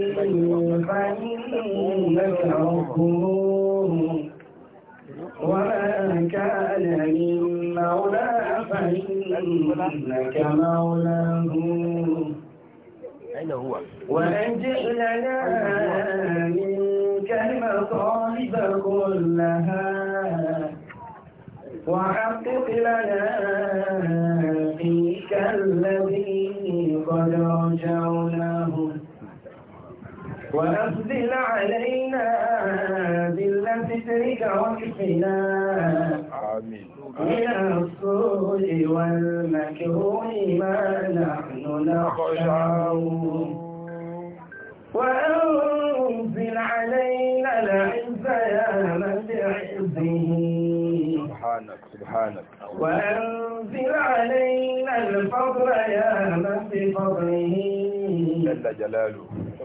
فإنك غفور وما كان من مولى فإنك مولاه وأنجئ لنا منك المصائب كلها وحقق لنا فيك الذي قد رجعناه وأفضل علينا ذلة سترك وكفنا آمين من الصور والمكروه ما نحن نخشاه وأنزل علينا العز يا من بعزه سبحانك سبحانك وأنزل علينا الفضل يا من بفضله جل جلاله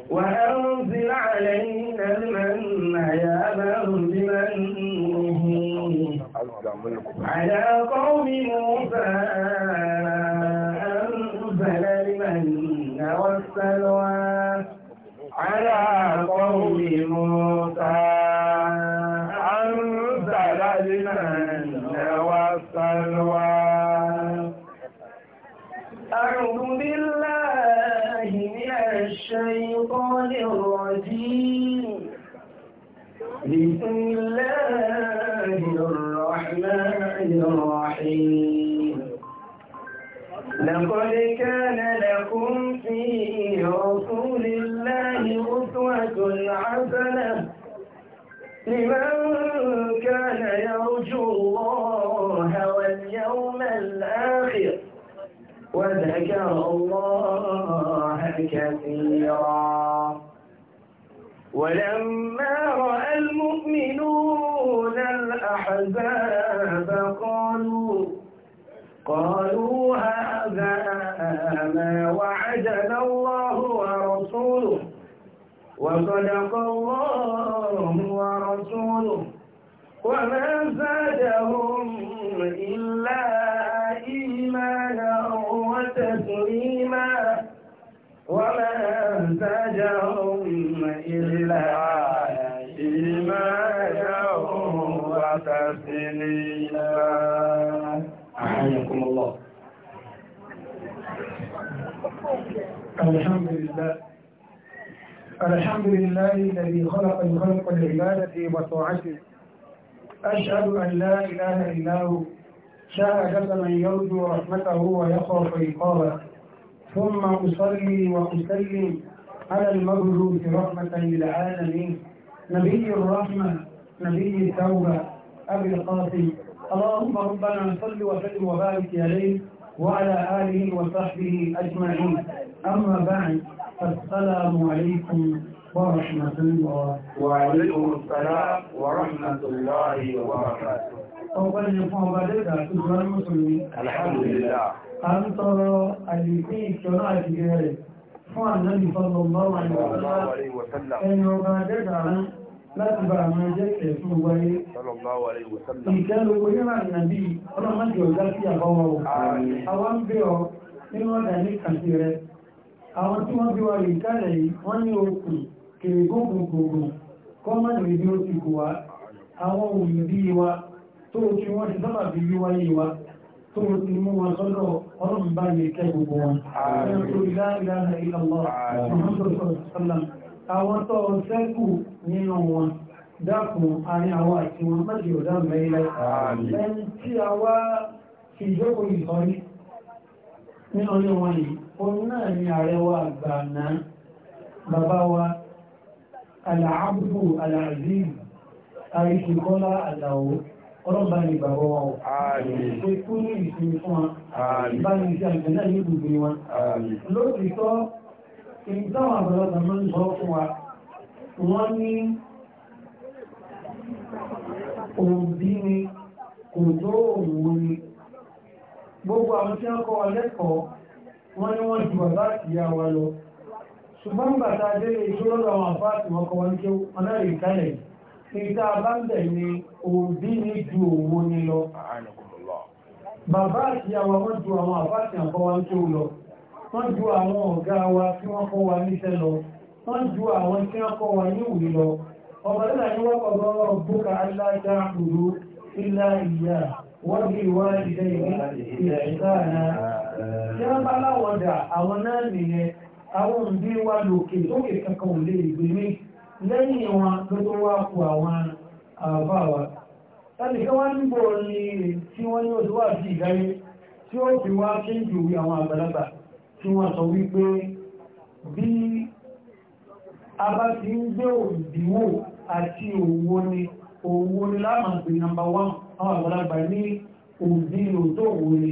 وأنزل علينا المن يا من بمنه على قوم موسى أنزل المن والسلوى على قوم موسى أنزل المن والسلوى الشيطان الرجيم بسم الله الرحمن الرحيم لقد كان لكم في رسول الله أسوة حسنة لمن كان يرجو الله واليوم الآخر وذكر الله كثيرا ولما رأى المؤمنون الأحزاب قالوا قالوا هذا ما وعدنا الله ورسوله وصدق الله ورسوله وما زال الحمد لله الحمد لله الذي خلق الخلق لعبادته وطاعته أشهد أن لا إله إلا هو شهادة من يرجو رحمته ويخاف عقابه ثم أصلي وأسلم على المبعوث رحمة للعالمين نبي الرحمة نبي التوبة أبي القاسم اللهم ربنا صل وسلم وبارك عليه وعلى آله وصحبه أجمعين أما بعد فالسلام عليكم ورحمة الله وعليكم السلام ورحمة الله وبركاته أولا يفهم بلدها تجوى المسلمين الحمد لله أنت الذي كنت جاري فعلا النبي صلى الله عليه وسلم أن يبادد عن لا تبع من جاك صلى الله عليه وسلم إن كان لقيمة النبي أنا من جاك يا بوه أوان بيو إنه داني كثيرة àwọn tí wọ́n bí wà lè kálẹ̀ yìí wọ́n ní okùn kèrè gógùngbògùn kọ́mọ̀nì ìdí ó ti kò wá àwọn òyìn bí wa tó kí wọ́n ti sábà bí yíwá yìí wa tó ti mú wọn sọ́dọ̀ ọlọ́run bá lè kẹ́ gbogbo wọn àwọn tó ṣẹ́kù nínú wọn dákùn àrin àwọn wọn yìí òun náà ni ààrẹ wa àgbààná bàbá wa aláàbùkù aláàzíz àríṣekọ́lá àdàwó ọlọ́ba ni bàbá wa ọ̀ pé kú ní ìsinmi fún wa bá ní iṣẹ́ àgbẹ̀ náà ní ibùgbé wa lóòtítọ́ ìdáwọn àgbàlagbà máa ń sọ fún wa wọ́n ní òbí ni kò wọ́n ní wọ́n jù bàbá àti ìyá wa lọ ṣùgbọ́n bàtà délé ìṣòro àwọn àfáàtì wọn kọ́ wọn kí wọn rí ìkálẹ̀ ìta abáńdẹ̀ ni òbí ní ju òwò ní lọ bàbá àti wọ́n ju àwọn àfáàtì àkọ́ wọn kí ó lọ wọ́n ju àwọn ọ̀gá wa tí wọ́n kọ́ wa níṣẹ́ lọ wọ́n ju àwọn tí wọ́n kọ́ wa ní lọ ọmọ nílà ní wọ́n kọ̀ọ̀bọ̀ búkà aláta àkùrú ilá ìyá wọ́n bí wá tí wọ́n bá láwọn dà àwọn náà nìyẹn àwọn òǹdí wa lòkè lókè kankan ò lè gbé mi lẹ́yìn wọn ló tó wá kú àwọn àbá wa láti kí wọ́n níbo ni tí wọ́n ní oṣù wà sí ìdáyé tí ó fi wá kí ń jòwé àwọn àgbàlagbà tí wọ́n sọ wípé bí a bá ti ń gbé òǹdíwò àti òwò ni òwò ni láàmà pé nàmbà 1 àwọn àgbàlagbà ní òǹdí lòótọ́ òwò ni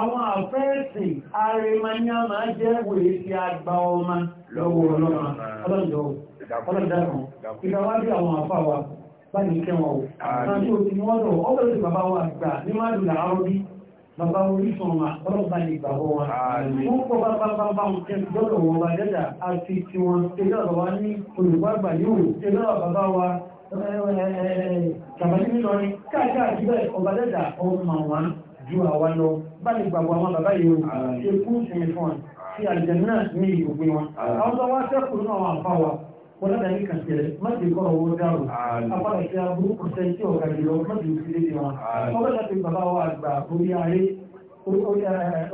àwọn àfẹ́ẹ̀sì arìmanyá máa jẹ́ wèé ti àgbà ọmọ lọ́wọ́ ọlọ́run ọlọ́dọ̀ ọlọ́dọ̀rùn ìdáwádìí àwọn àfáwà bá ní kẹwàá ò àti òtí ni wọ́n lọ́wọ́ ọlọ́dọ̀ bàbá wa gbà ní máa lù láàárọ̀ bí bàbá orísun ọmọ ọlọ́ba ní ìgbàgbọ́ wọn wọ́n kọ́ bá bá bá bá wọn kẹ́ lọ́dọ̀ wọn bá dẹ́dà àti tí wọn tẹ́lẹ̀ ọ̀rọ̀ wa ní olùkọ́ àgbà yóò tẹ́lẹ̀ bàbá wa tàbí nínú ọ̀rìn káàkiri àti bẹ́ẹ̀ ọba dẹ́dà ọmọ wọn ju àwa lọ bá lè gbàgbọ́ àwọn bàbá yìí o ṣe kú sinmi fún wa ṣe àlìjẹ̀nù náà ní ìgbògbé wọn àwọn tó wá sẹ́kù nínú àwọn àfa wa wọn lọ́dà yìí kàn tẹ̀lé má ti kọ́ owó dárò apáta ṣe aburú kò sẹ́ tí ọ̀gá jùlọ má ti fi léde wọn ọwọ́ láti bàbá wa àgbà orí ayé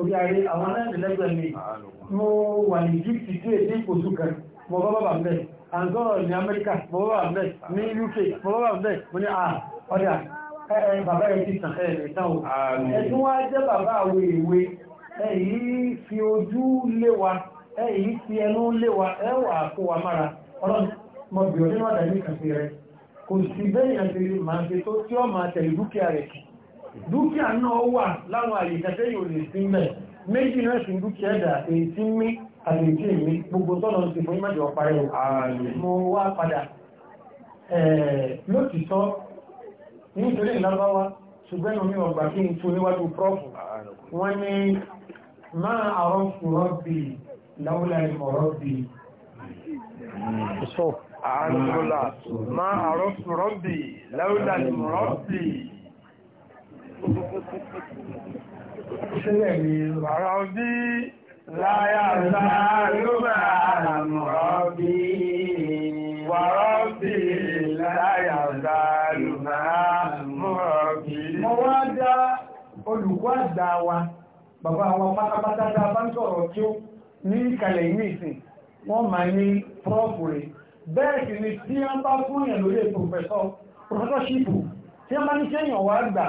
orí ayé àwọn aláìlẹ́gbẹ̀ẹ́ mi mo wà ní Egypt tí èdè ìkòsù kan mo bá bàbá mbẹ àǹtọ́rọ̀ ní Amẹ́ríkà mo bá bàbá mbẹ ní UK mo bá bàbá mbẹ mo ní à ọ̀dà bàbá yẹn ti tàn ẹ̀tún wá jẹ́ bàbá àwọn èwe ẹ̀yí fi ojú lé wa ẹ̀yí fi ẹnu lé wa ẹwà kó wa mára ọlọ́run mọ̀ bí ọdún wà dàbí kàfí rẹ kò sí bẹ́ẹ̀ yẹn ti máa ṣe tó tí ó máa tẹ̀lé dúkìá rẹ̀ dúkìá náà wà láwọn àyè kẹfẹ́ yóò lè sí mẹ́ méjì náà sì dúkìá ẹ̀dà èyí tí mí àlèjì mi gbogbo tọ́nà ti mo wá padà lótìtọ́ ní ìtòlé ìlábáwá ṣùgbẹ́nu mi ọgbà kí n tó níwájú prọ́fù wọ́n ní máa àrọ́ fúrọ́ bí láúlà ìmọ̀rọ́ bí Àrùsọ́lá, máa àrọ́sù rọ́bì mo wá dá olùkọ́ àgbà wa bàbá àwọn pátápátá dá bá ń sọ̀rọ̀ tí ó ní ìkàlẹ̀ ìwé ìsìn wọ́n máa ní prọ́fù rẹ̀ bẹ́ẹ̀ sì ni tí wọ́n bá fún èèyàn lórí pòfẹ́sọ́ pòfẹ́sọ́ṣìpù tí wọ́n bá ní kéèyàn wá gbà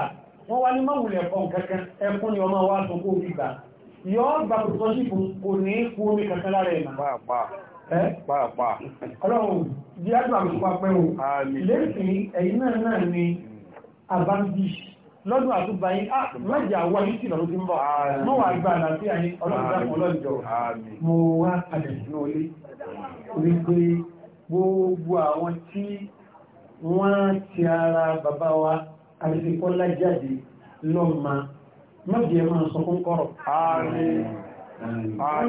wọ́n wá ní mọ́wùlẹ̀ ẹ̀kọ́ kankan ẹkún ni ọmọ wa tó kó fi gbà yọ́ gbà pòfẹ́sọ́ṣìpù kò ní kú omi kankan lára ẹ̀ pàápàá ọlọ́run bí á gbà lọ́dún àtúgbà yí ah, mẹ́jà wá yí sí lọ́dún tí ń bọ̀ mọ́ wà gbà náà sí àyí ọlọ́dún lọ́jọ́ mo wá padà sínú olé wípé gbogbo àwọn tí wọ́n ti ara bàbá wa àrífikọ́lá jáde lọ́mà mẹ́jẹ máa sọ fún kọ́rọ̀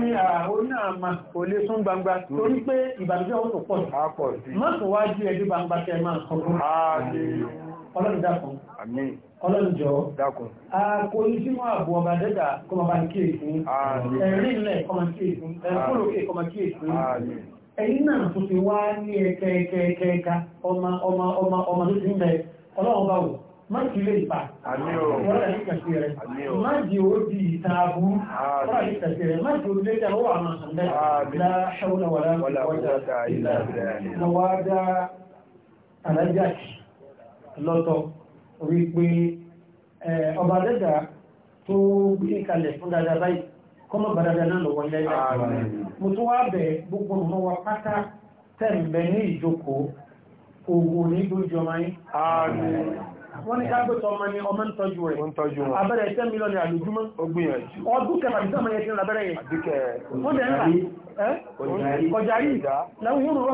Ní àwọn náà ma kò lè sún gbangba mm. torí pé ìbànújẹ́ ó tó pọ̀ sí. Mọ́sùn wájú ẹ̀dí gbangba tẹ́ máa sọ fún ọlọ́dún dákùn àmín ọlọ́njọ́ dákun àkó ìsínú àbò ọba dẹ́dà kọmọba ní kíèsí ẹ̀rí ilẹ̀ kọmọ kíèsí ẹ̀kúròkè kọmọ kíèsí ẹ̀yìn náà tó ti wá ní ẹ̀kẹ́ẹ̀kẹ́ẹ̀ká ọmọ ọmọ ọmọ ọmọ tó ti ń bẹ ọlọ́run báwò má ti lè pa ọlọ́run ní kẹsí rẹ̀ má di ó di ìta abú ọlọ́run ní kẹsí rẹ̀ má di ó lé tẹ̀wọ́ àmà ṣàndẹ́ láṣẹ́wọ́n wọlá wọlá wọlá alájáàkì lọ́tọ̀ wípé ọba dẹ́dà tó gbé kalẹ̀ fún dáadáa báyìí kọ́mọ̀ bá dáadáa náà lọ́wọ́ lẹ́yà mo tún wá bẹ̀ gbogbo ọmọ wa pátá tẹ̀m̀bẹ̀ ní ìjókòó ogun ní gbójú ọmọ yìí wọ́n ní káàkótọ́ ọmọ ni ọmọ ń tọ́jú rẹ̀ abẹ́rẹ̀ ẹ̀tẹ́ mílíọ̀nù àlójúmọ́ ọdún kẹfà tí sọ́mọ yẹn ti rìn abẹ́rẹ̀ yẹn kọjá yìí láwọn yóò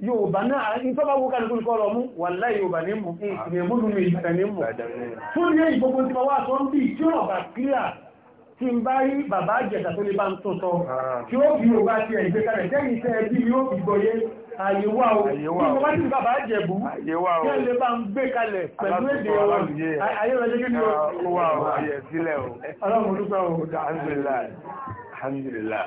Yorùbá náà ní tọ́bá wó kàrí kúrò kọ́rọ̀ mú wà láì Yorùbá ní mú ìrìnmúlù ní ìgbà ní mú fún ní ìgbogbo tí wá sọ ń bí tí ó bá kílà tí ń bá rí bàbá jẹta tó lè bá ń tó tọ́ tí ó fi Yorùbá ti ẹ̀gbẹ́ kalẹ̀ jẹ́rìí iṣẹ́ ẹbí yóò fi gbọ́yé àyèwà o tí mo bá ti bàbá jẹ̀bú tí ó lè bá ń gbé kalẹ̀ pẹ̀lú èdè wọn ayé rẹ̀ jẹ́ kí ni ó wà ó ayẹ̀ sílẹ̀ o ọlọ́run dúpẹ́ o alhamdulillah alhamdulillah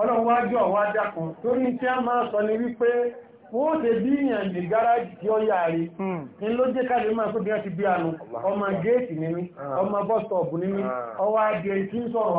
ọlọ́run wá jọ wá dákan torí tí a máa sọ ní wípé wọ́n tẹ bí ìyàn lè gáràjì tí ó rí hmm. ní ló jẹ́ káàkiri máa fún bí wọ́n ti bí àánú ọmọ géètì ní ah. ọmọ bọ́stọ̀ọ̀bù ní mí ah. ọwọ́ tí ń sọ̀rọ̀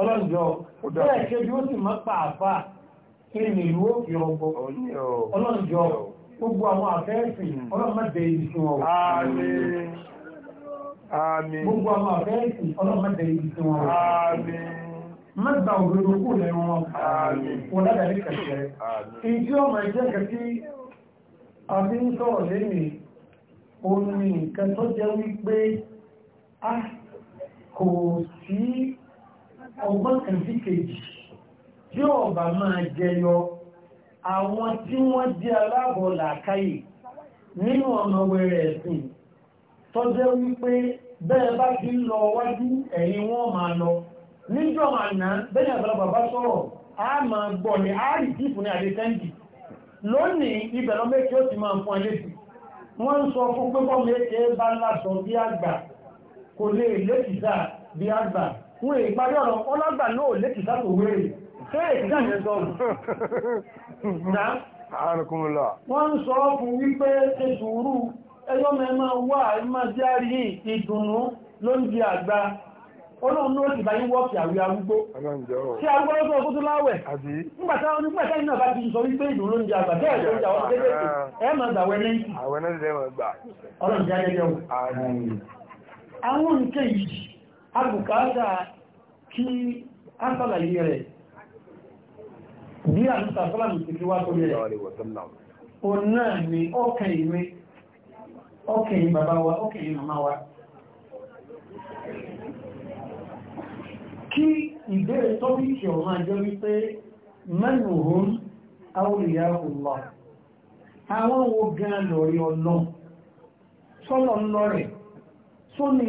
ọlọ́jọ́ bẹ́ẹ̀ kejì ó sì mọ́ pàápàá kí ni ìlú òkè ọgbọ́ ọlọ́jọ́ gbogbo àwọn àfẹ́ẹ̀sì ọlọ́mọdé ìsìn wọn àmín gbogbo àwọn àfẹ́ẹ̀sì ọlọ́mọdé ìsìn wọn àmín mẹ́ta òbèrè kú lẹ́nu wọn wọn dáadáa ní kẹsẹ̀ ìdí ọmọ ẹ̀jẹ̀ kẹsí àbí ń sọ̀rọ̀ lẹ́nu òun ni nǹkan tó jẹ́ wípé ah kò sí ọgbọ́n kan sí kejì tí ọba máa jẹyọ àwọn tí wọ́n jẹ́ aláàbọ̀ làákàyè nínú ọ̀nà wẹ̀rẹ̀ ẹ̀sìn tó jẹ́ wípé bẹ́ẹ̀ bá ti lọ wájú ẹ̀yìn wọ́n máa lọ níjọ́ àná bẹ́ẹ̀ àgbàlagbà bá sọ̀rọ̀ a máa gbọ́ ní àárí tí fún ní àdékẹ́ǹdì lónìí ibẹ̀ lọ méjì ó ti máa fún ẹlẹ́sì wọ́n ń sọ fún pé bọ́ méjì bá lásọ bí àgbà kò lè lẹ́sì bí àgbà fún ìparí ọ̀rọ̀ ọlọ́gbà náà létí sáàtò wéèrè fẹ́ èkìdá ìrẹsọ́rùn wọ́n ń sọ fún wípé ṣe sùúrù ẹjọ́ mẹ́mọ́ wà ẹmọ́ járí ìdùnnú ló ń di àgbà olóòrùn ló ti bá yí wọ́pì àwí arúgbó tí arúgbó lọ́gbọ́ ọkú tó láwẹ̀ nígbàtá onígbàtá iná bá ti sọ wípé ìdùnnú ń di àgbà tẹ́ ẹ̀jọ́ ìjà wọn kéde ẹ̀mọ̀ gbàwẹ̀ lẹ́yìn ọlọ́run jẹ́ àwọn nǹkan yìí agbùkátà kí a sàlàyé rẹ̀ bí a nítà sọ́làmù ti fi wá tó rẹ̀ o náà ni ọkàn ìwé ọkàn ìwé bàbá wa ọkàn ìwé màmá wa kí ìbéèrè tọ́bíkì ọ̀hán jẹ́ wípé mẹ́nuhun awòrìyà ọlọ́ àwọn wo gan lọ́rí ọlọ́ sọ́lọ̀ lọ́rẹ̀ só ní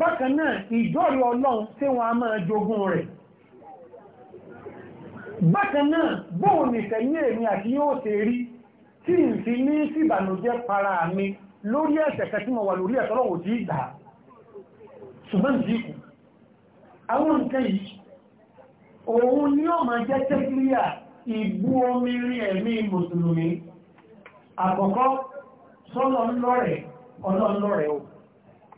bákan náà ìjọ́rí ọlọ́run tí wọ́n a máa jogún rẹ̀ bákan náà bóò nìtẹ̀yìn èmi àti yóò ṣe rí tí n fi ní síbànújẹ́ para mi lórí ẹ̀ṣẹ̀ kẹtí mọ̀ wà lórí ẹ̀tọ́lọ́wò tí ìgbà ṣùgbọ́n jíkù àwọn nǹkan yìí òun ni ó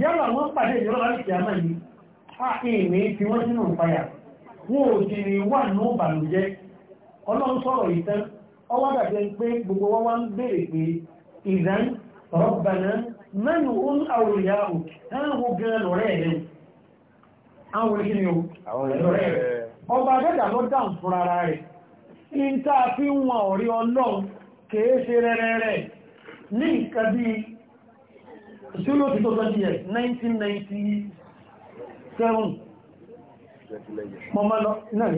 yálà wọ́n pàdé ìrọ́lá ní ìyàmá yìí àìní tí wọ́n sínú ìpayà wọ́n ò sì rí wà ní ìbànújẹ́ ọlọ́run sọ̀rọ̀ ìtàn ọwọ́ dàbẹ́ pé gbogbo wọn wá ń béèrè pé ìdán rọ́bàná mẹ́nu ohun àwòrìyá ò ẹ̀hùn gan lọ́rẹ́ rẹ̀ àwọn orí ni ó lọ́rẹ́ rẹ̀ ní nǹkan bíi ṣe ló ti tó 20 years 1997 mọ́mọ́ lọ náà 29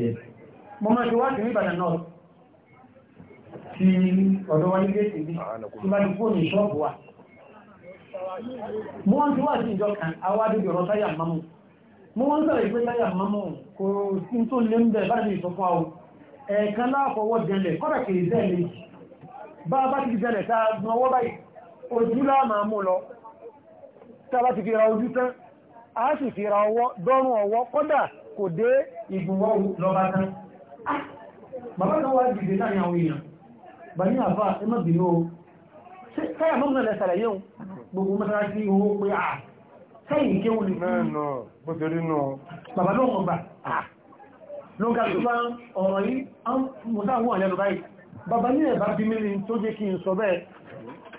years mọ́mọ́ ṣe wá sí ní Ìbàdàn náà ti ọ̀dọ̀ wa ní bí bá ti fóònù ṣọ́ọ̀bù wa mọ́ wọ́n ti wá sí ìjọ kan awádìí ọ̀rọ̀ táyà mọ́mọ́ mọ́ wọ́n sọ̀rọ̀ ìgbé táyà mọ́mọ́ kò sí tó lé ń bẹ̀ bá ní ìsọfún àwọn ẹ̀ẹ̀kan láàfọwọ́ jẹlẹ̀ kọ́dà kìí zẹ́ẹ̀lẹ̀ bá bá ti zẹ́lẹ̀ gbọ́n ọwọ́ báyìí ojú láàmà mú lọ tàbá ti fi ra ojú tán a sì fi ra ọwọ́ dọ́rùn ọwọ́ kọ́dà kò dé ìgbùnwọ́ lọ́bá tán bàbá kan wá jìdè láàrin àwọn èèyàn bà ní àbá ẹmọ́bìnrin o káyà mọ́mọ́ lẹ sàlàyé ohun gbogbo mọ́sára sí owó pé à sẹ́yìn kéwù ní bàbá lọ́wọ́ gbà ló ga tó bá ọ̀rọ̀ yìí mọ́sáwọn àlẹ́lú báyìí bàbá ní ẹ̀bá bí mílíọ̀n tó jẹ́ kí n sọ bẹ́ẹ̀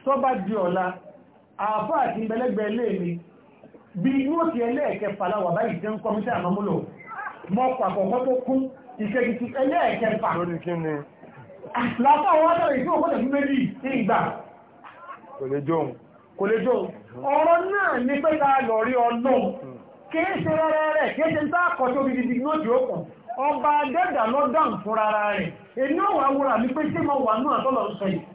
tó bá di ọ̀la àfá àti ìbẹ̀lẹ́gbẹ̀ ilé mi bí nóòtì ẹlẹ́ẹ̀kẹfà láwà báyìí tí ń kọ́ mítà àmọ́múlò mọ́ pàkọ̀kọ́ tó kún ìkẹjì ẹlẹ́ẹ̀kẹfà láfáwọn látàrí tí ó kọ́tẹ̀ fún méjì ìgbà kò lè jọun ọ̀rọ̀ náà ní pẹ́ta lọ̀rí ọlọ́run kìí ṣe rárá rẹ̀ kìí ṣe ń tá àkọ́tò bí i ní òjò ọba dẹ́dà lọ́dàn fún rárá rẹ̀ ènìyàn wà wúra ní pé tí mo wà náà tọ́lọ̀ ń sọ yìí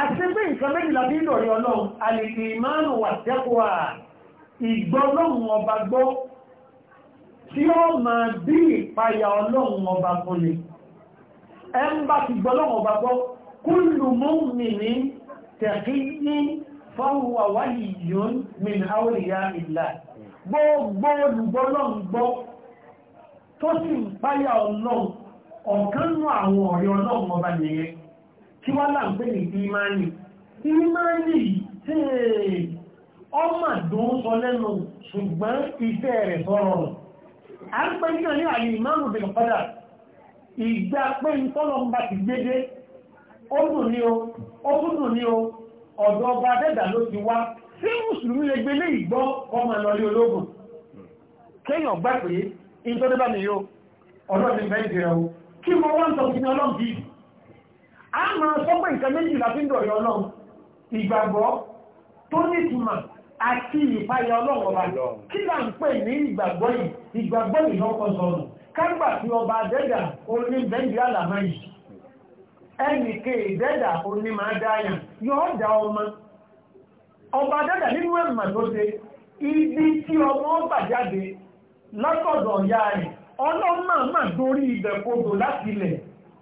àṣepé nǹkan méjìlá bí ìdọ̀rí ọlọ́run alìkì ìmánu wà tẹ́kùwà ìgbọ́lọ́run ọba gbọ́ tí ó ma bí ìpayà ọlọ́run ọba fúnni ẹ ń bá ti gbọ́lọ́run ọba gbọ́ kúlù mọ́mìnì tẹ̀kí ní fọ́wọ́ wáyìí yóò min áwòrìyá ìlà gbogbo olùgbọ́lọ́run gbọ́ tó sì ń páyà ọlọ́run ọ̀kánú àwọn ọ̀rẹ́ ọlọ́run ọba nìyẹn kí wá là anyị. pè ní ìmáàní ìmáàní ọmọ dùn sọ lẹ́nu ṣùgbọ́n iṣẹ́ rẹ̀ a ń ní àní àyè ìmáàmù bẹ̀rẹ̀ padà ìgbà pé ìtọ́lọ̀ ń bá ti gbédé ó dùn o ó tún dùn ní o ọ̀dọ̀ ọba adẹ́dà ló ti wá tí mùsùlùmí lè ìgbọ́ ọmọ ológun kéèyàn gbà pé yóò bẹ́ẹ̀ o kí mo wá ń a máa sọ́pọ̀ nǹkan méjì láti ń dọ̀rọ̀ ọlọ́run ìgbàgbọ́ tó nítumọ̀ àti ìpayà ọlọ́run ọba kí là ń pè ní ìgbàgbọ́ yìí ìgbàgbọ́ yìí lọ́kọ̀ sọ̀rọ̀ kágbà tí ọba dẹ́dà oní bẹ́ndì àlàmá yìí ẹnìke ìdẹ́dà oní máa dáyà yóò dá ọmọ ọba dẹ́dà nínú ẹ̀mà tó ṣe ibi tí ọmọ ọba jáde lọ́kọ̀dọ̀ ọ̀yá rẹ̀ ọlọ́mọ máa dórí ibẹ̀ kodò láti ilẹ̀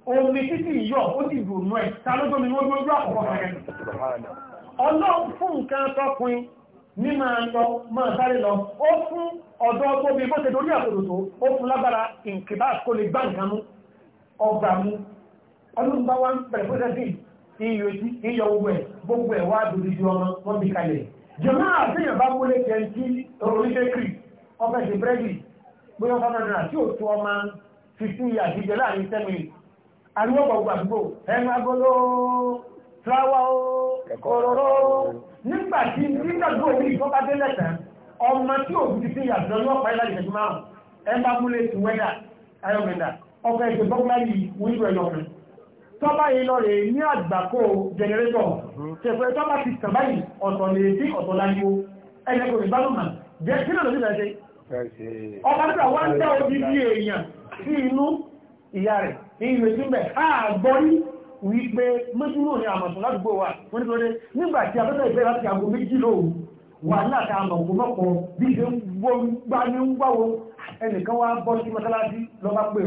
omi títí yọ ó sì dùnú ẹ̀ tàlójó mi wọ́n lójú àkọ́kọ́ fẹ́rẹ́ ọlọ́run fún nǹkan tọ́kùn ní máa lọ máa sáré lọ ó fún ọ̀dọ́ tóbi bó ṣe dorí àkòdòdó ó fún lágbára ìǹkìbá kó lè gbá nǹkan mú ọgbà mú ọdún bá wá ń bẹ̀rẹ̀ pọ́sẹ̀sì iyọ̀ etí iyọ̀ gbogbo ẹ̀ gbogbo ẹ̀ wá dorí ju ọmọ wọn bí kalẹ̀ jẹ̀mọ́ àtẹ̀yàn bá múlé tẹ̀ntì oríṣẹ́kì ọbẹ̀ ṣe búrẹ́dì bóyá fọ́nà náà tí ò tó ọmọ fifteen years ìjẹ́ láàrin ten minutes ariwo gbogbo àdúgbò ẹnu agolo fúláwà ó kòròrò nígbà tí nígbàgbọ́ omi ìfọ́ká délẹ̀ tán ọmọ tí òbí ti fi yàtọ̀ ní ọ̀pá ìlàjì ẹ̀jú márùn ẹ bá múlé ti wẹ́dà ayọ̀mẹ̀dà ọkọ̀ ètò bọ́gbárì wíńdò ẹ̀yọ̀mẹ̀ tọ́ba yìí lọ rè ní àgbàkó jẹnẹrétọ̀ ṣẹ̀fẹ̀ tọ́ba ti tàn báyìí ọ̀tọ̀ lè dí ọ̀tọ̀ láyé ẹ̀yẹ kò ní bálùmà jẹ́ kí lọ́dọ̀ nígbà ṣe ọba nígbà wá ń dá ojú bí èèyàn sí inú ìyá rẹ̀ ìrètí mẹ́ àgbọ́rí wípé méjìlò ní àmàtún ládùúgbò wa wọ́n nítorí nígbàtí abẹ́tẹ̀ ìfẹ́ láti àgbò méjìlò wà láta àmàkù mọ́kọ̀ bí i ṣe ń gbá ní ń gbáwo ẹnìkan wá bọ́ sí mọ́sálásí lọ́bá pé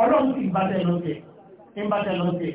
ọlọ́run sì ń lọ́tẹ̀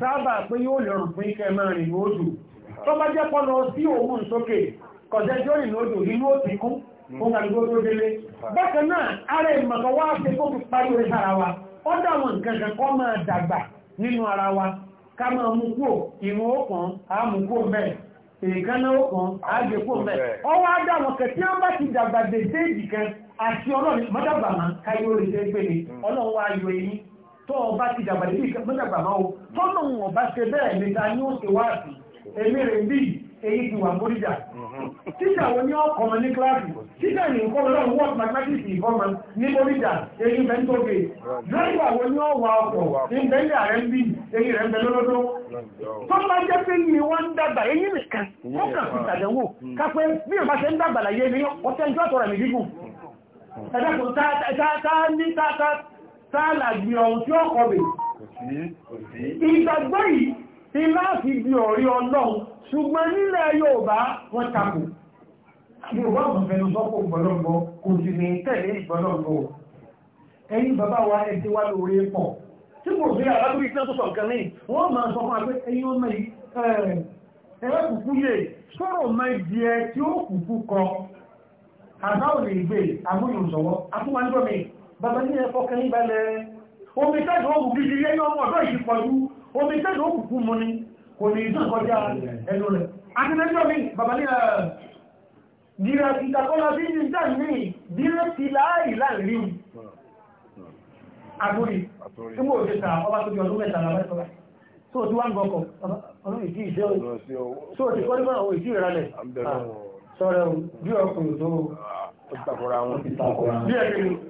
sábà pé yóò lọ́rùn fún ikẹ́ máa rìn lóòdù tó bá jẹ́ pọ́nà sí òun sókè kọ̀jẹ́ rìn lóòdù inú òsì fún àdúgbò délé bákan náà ara ìmọ̀kọ̀ wá ṣe kó fi parí orí ara wa ó dáwọn nǹkan kan máa dàgbà ara wa ká máa mú ìrún mẹ́ mẹ́ tí wọ́n bá ti dàgbà ìdìkan àti ọlọ́run mọ́dàgbà máa káyọ́ tó ọba ti dàgbà níbi ìkẹ́gbẹ́dàgbà máa o tọ́nà ọba ṣe bẹ́ẹ̀ níta ní ó ṣe wá sí èmi rẹ̀ bí èyí ti wà móríjà títà wọn ní ọkọ̀ ọmọ ní kíláàsì títà ní nǹkan lọ́wọ́ wọ́n mathematics ìfọ́mọ ní móríjà èyí bẹ́ẹ̀ tó gbé dráìwà wọn ní ọwà ọkọ̀ ìbẹ́lẹ̀ rẹ̀ bí èyí rẹ̀ ń bẹ lọ́lọ́dọ́ tó bá jẹ́ pé ní wọ́n ń dàgbà èyí nìkan ó kàn sí ìtàdẹ̀wò kápẹ́ bí ìbá ṣe ń dàgbà láyé ní ọ̀tẹ́ ìjọ́ àtọ̀rọ̀ mi gígùn ẹ̀dẹ́kùn tààlà gbì ọ̀hún tí ó kọ̀bẹ̀. ìgbàgbọ́ yìí ti láti bí ọ̀rí ọlọ́run ṣùgbọ́n nílẹ̀ Yorùbá wọ́n takò Yorùbá ọ̀gbọ̀n fẹ́nu sọ́pọ̀ ìgbọ̀lọ́gbọ̀ kò sì ní tẹ̀lé ìgbọ̀lọ́gbọ̀ ẹ̀yìn bàbá wa ẹ̀ ti wá lórí pọ̀ tí kò sí àlábí iṣẹ́ tó sọ̀kan ní wọ́n máa sọ fún àpé ẹ̀yìn ọmọ ẹ̀rẹ́ kùkú yẹ sọ̀rọ̀ mọ́ ìdí ẹ tí ó kùkú kọ àbáwò lè gbé àmúyùn sọ̀wọ́ àtúwà nígbọ̀mí bàbá ní ẹ̀fọ́ kan ìbálẹ̀ omi tẹ́jọ òkú gidi lẹ́yìn ọmọ ọ̀dọ́ yìí pọ̀lú omi tẹ́jọ òkú fún mọ́ ni kò ní ìdún kọjá ẹnu rẹ̀ akínẹ́jọ́ mi bàbá ní ẹ̀ẹ́dìrẹ̀ ìtàkọ́lá bí ní ìjà ní ìdílé ti láàrí láàrin agbórí tí mo ṣe ta ọba tó di ọdún mẹ́ta lábẹ́ sọ́lá tó ti wá ń gọkọ̀ ọdún ìdí ìṣẹ́ òun tó ti kọ́ nígbà òun ìdí bí ọkùnrin tó ìtàkùrà wọn bí ẹ̀kẹ́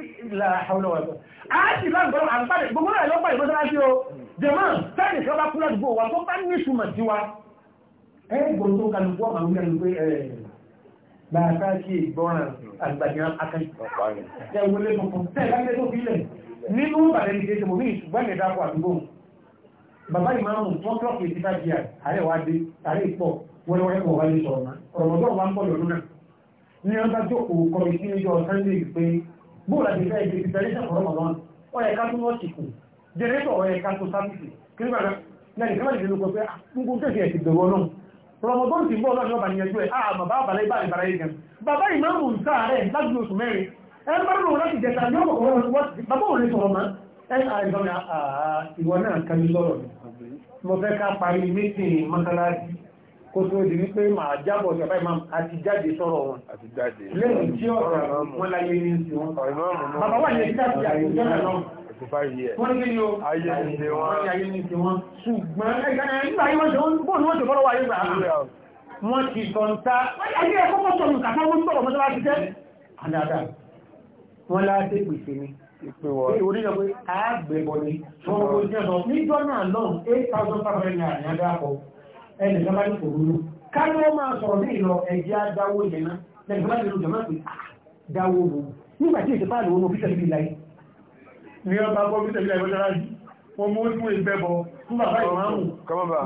Àti láàrín àǹfààrí gbogbo rẹ̀ lọ́pàá ìbọ́sá láti o, jẹmọ́ tẹ́lì kan bá kúrò àdúgbò wa tó bá ní ìṣùmọ̀ sí wa. Ẹ gbọ́n tó kàlù pọ́ àwọn ìrìn pé ẹ̀rẹ̀ bàtà sí ìgbọ́ràn àgbàjá akẹ́kọ̀ọ́. Bàbá ìmáàmù wọ́n klọ́pù ìtìfà jíà, àárẹ̀ wá dé, àárẹ̀ ìpọ̀, wọ́n lọ́wọ́ ẹ̀kọ́ wá lè sọ̀rọ̀ náà. Ọ̀rọ̀mọ́dọ́ wa ń bọ̀ lọ́dún náà. Ní ọjọ́ jókòó kọ̀rọ̀ sí ìjọ Sunday pé bóòlù àti ìfẹ́ ìgbè preparation for Ramadan ó yẹ ká tún wọ́n ti kù generator ó yẹ ká tún sáfìsì kí nígbà náà nìkan máa lè lóko pé gbogbo ah, tẹ̀sí ẹ̀ ti bẹ̀rù ọlọ́run Ramadan ti ń bọ̀ lọ́dún ọba níyànjú ẹ̀ àmà bá balẹ̀ bá ìbára yìí gan bàbá ìmáàmù ń sáà rẹ̀ láti oṣù mẹ́rin ẹ bá rò láti jẹta ní ọkọ̀ bàbá òun lè sọ̀rọ̀ mọ́ ẹ ah, kó tó di wípé máa jábọ̀ ṣọ̀fẹ́ imam àti jáde sọ́rọ̀ wọn lẹ́yìn tí ọ̀rọ̀ wọn láyé ní sí wọn bàbá wà ní ẹ̀kíkà sí àyíjọ́ náà wọ́n ní ní o ayé ní sí wọn ṣùgbọ́n nígbà yíwọ́n ṣe bóòlù wọ́n ṣe fọ́lọ́wọ́ ayé gbà wọ́n ti kọ́ńtà ayé ẹ̀kọ́kọ́ sọ̀rọ̀ kàtà wọ́n sọ̀rọ̀ mọ́tọ́lá ti jẹ́ àdáadáa wọ́n láti pèsè ni orílẹ̀-èdè àgbẹ̀bọ̀ ni wọ́n gbogbo jẹ́ sọ níjọ́ náà náà 8,500 naira ní adáàpọ̀ ẹnì kan bá ní kò rúrú ká ló máa sọ̀rọ̀ ní ìlọ ẹ̀jẹ̀ dáwó yẹn ná lẹ́yìn bá lérò jọmọ́ pé dáwó wò nígbà tí èsì páàlì wọn fíṣẹ̀ bíi láyé ní ọba bọ́ fíṣẹ̀ bíi láyé bọ́jára yìí wọ́n mú ìmú ìgbẹ́bọ fún bàbá ìmáàmù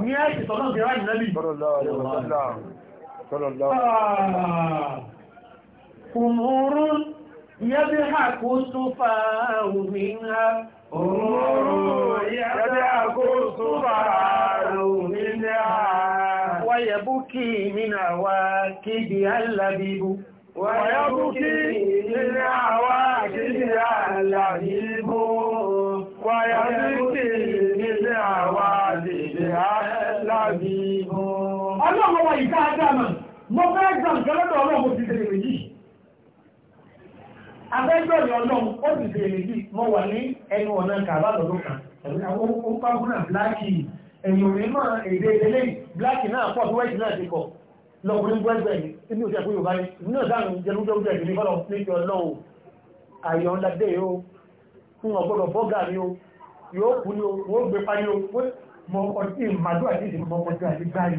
ní ẹ̀sì sọ́nà bí ráyìn nábì Kùmùrù yẹ́bí àkóso fàáhùn mi ń ha. Kùmùrù yẹ́bí àkóso fàáhùn ويبكي من عواكب اللبيب ويبكي من عواكب اللبيب ويبكي من عواكب اللبيب ọlọ́run wa ìta àdámà mo fẹ́ gbàǹkẹ́lọ́dọ̀ ọlọ́run mo ti tẹ̀lé méjì abẹ́gbẹ̀rẹ̀ ọlọ́run ó ti tẹ̀lé méjì mo wà ní ẹnu ọ̀nà kàbá kan ẹ̀rọ àwọn ó ń pàbùnà ẹ̀yìn òní máa èdè ilé bláàkì náà pọ̀ tí wáìtì náà ti kọ̀ lọ́kùnrin gbẹ́gbẹ́ ní ibi òṣèlú pé yorùbá ní náà dáhùn jẹrújẹrújẹ ìdílé fọ́lọ̀ níbi ọlọ́wọ̀ àyọ̀ndàdé o fún ọgbọ́dọ̀ bọ́gà ni o yóò kú ni o wọ́n gbé pa ni o mọ ọdí ìmàdó àti ìdìmọ̀ ọmọdé àti gbáyìí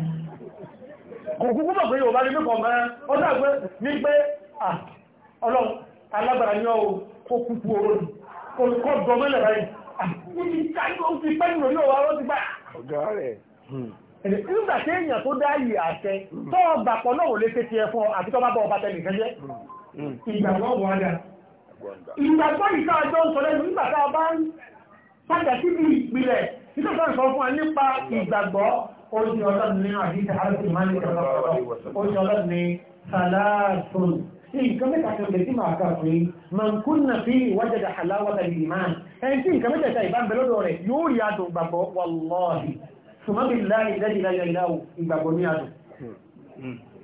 kò kúkú mọ̀ pé yorùbá ní mẹ́kọ̀ọ́ mẹ́rin ọjọ́ àgbẹ́ ní pé ọlọ́run alágbára ní ọ́ kó kúkú oró kọ́ dọ́mẹ́lẹ̀ báyìí ọ̀gá rẹ̀ hmm. nígbà tí èèyàn tó dá yìí àṣẹ hmm. tó ọba pọ̀ náà ò lè ẹ fún ọ àti tó bá bọ́ ọba tẹ́lẹ̀ ìfẹ́jẹ́ hmm. ìgbàgbọ́ wọ́dà ìgbàgbọ́ ìta àjọ ń sọ lẹ́nu nígbà tá a ìpìlẹ̀ nígbà a sọ fún nípa ìgbàgbọ́ oṣù ọlọ́dún máa ń lè oṣù ọlọ́dún nǹkan mẹ́ta kan bẹ̀ tí máa kà fún yí máa ń kún náà fi wájẹ̀dà aláwọ̀ta lè máa ẹni tí nǹkan mẹ́ta ìbá ń bẹ lọ́dọ̀ rẹ̀ yóò rí adùn ìgbàgbọ́ wàlọ́ọ̀dì ṣùgbọ́n bí láì lẹ́yìn láyọ̀ ìdáwò ìgbàgbọ́ ní adùn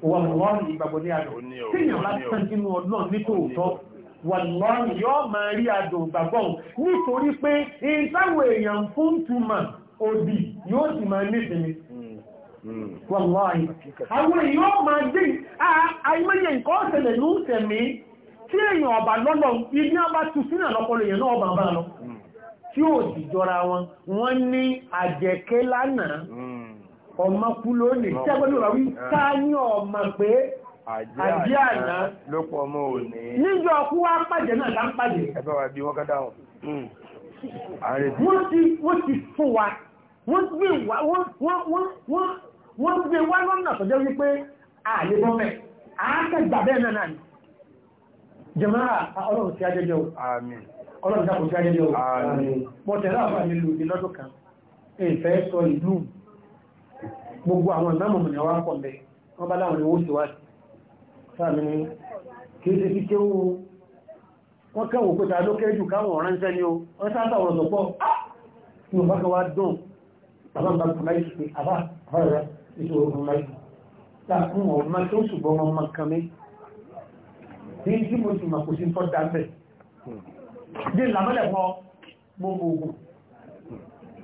wàlọ́ọ̀dì ìgbàgbọ́ ní adùn tí yàn lásán sínú ọlọ́run ní tòótọ́ wàlọ́ọ̀dì Hmm. wàláhì àwọn èèyàn máa gbé àìmọye nǹkan ọ̀sẹ̀lẹ̀ ní tí èèyàn ọba lọ́lọ́ ibi èèyàn náà lọ hmm. tí ó dìjọra wọn wọ́n ní lánàá hmm. ọmọ lónìí wọ́n ti fún wa wọ́n wọ́n gbé wá lọ́nà tó jẹ́ wípé ààyè bọ́mẹ̀ àákẹ́gbà bẹ́ẹ̀ náà ni jẹmọ́ra ọlọ́run tí ajẹ́jẹ́ o ọlọ́run jápò tí ajẹ́jẹ́ o pọ̀tẹ̀lá àwọn ìlú ìlọ́dún kan èfẹ́ sọ ìlú gbogbo àwọn ìmọ̀mọ̀ ni wá pọ̀ mẹ́ wọ́n bá láwọn owó síwájú sáàmì ni kéèsè sí kéwú wọ́n kẹwò pé ta ló kẹ́jù káwọn ránṣẹ́ ni o wọ́n sáàtà ọ̀rọ̀ sọ̀pọ̀ nítorí ogun láì láàrín ọmọ tó ṣùgbọ́n ọmọ kan ní tí mo sì mọ̀ kò sí tọ́jà bẹ̀ dé làmọ́lẹ̀ gbogbo ogun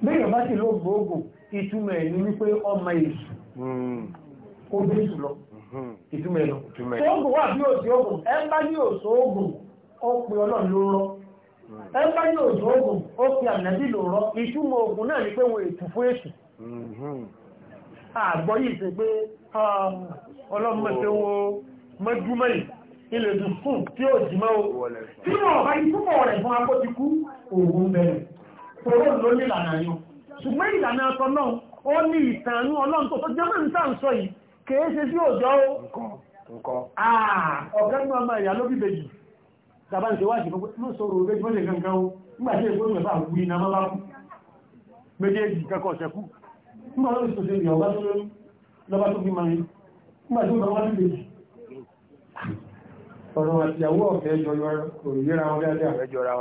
bẹ́yẹ̀ bá sì ló gbogbo ẹ̀ ní wípé ọmọ èṣù hmm. ó dé lọ hmm. lọ ogun wà bí òsì ogun ẹ bá ní òsì ogun ó pe ọlọ́run ló hmm. ẹ bá ní òsì ogun ó pe ìtumọ̀ ogun náà ní pé wọn ètù fún àgbọ́ yìí ṣe pé um, ọlọ́mọ̀ṣẹ́ oh. wo mọ́júmọ́ ilẹ̀ dùn fún tí ó jì mọ́ o tí wọ́n bá yí púpọ̀ rẹ̀ fún akó ti kú òun bẹ̀rẹ̀ tòró ló ní ìlànà yìí ṣùgbọ́n ìlànà ọkọ̀ náà ó ní ìtànú ọlọ́run tó tó jẹ́mọ́ nǹkan sọ yìí kìí ṣe sí òjò o ọ̀gẹ́nu ọmọ ìyá ló bíbejì tàbá ń ṣe wá sí gbogbo ló sọ̀rọ̀ òbejì mọ́lẹ̀ gangan o nígbà tí èkó ìgbà wúrí na mọ́ bá kú méjèèjì kẹ́kọ̀ọ́ ṣẹ́kù nígbà lórí ìṣòṣe ìyà ọba tó lórí lọ́ba tó bí mani nígbà tí ó bá wá sí lèjì ọ̀rọ̀ àtìyàwó ọ̀fẹ́ jọra wọn dáadáa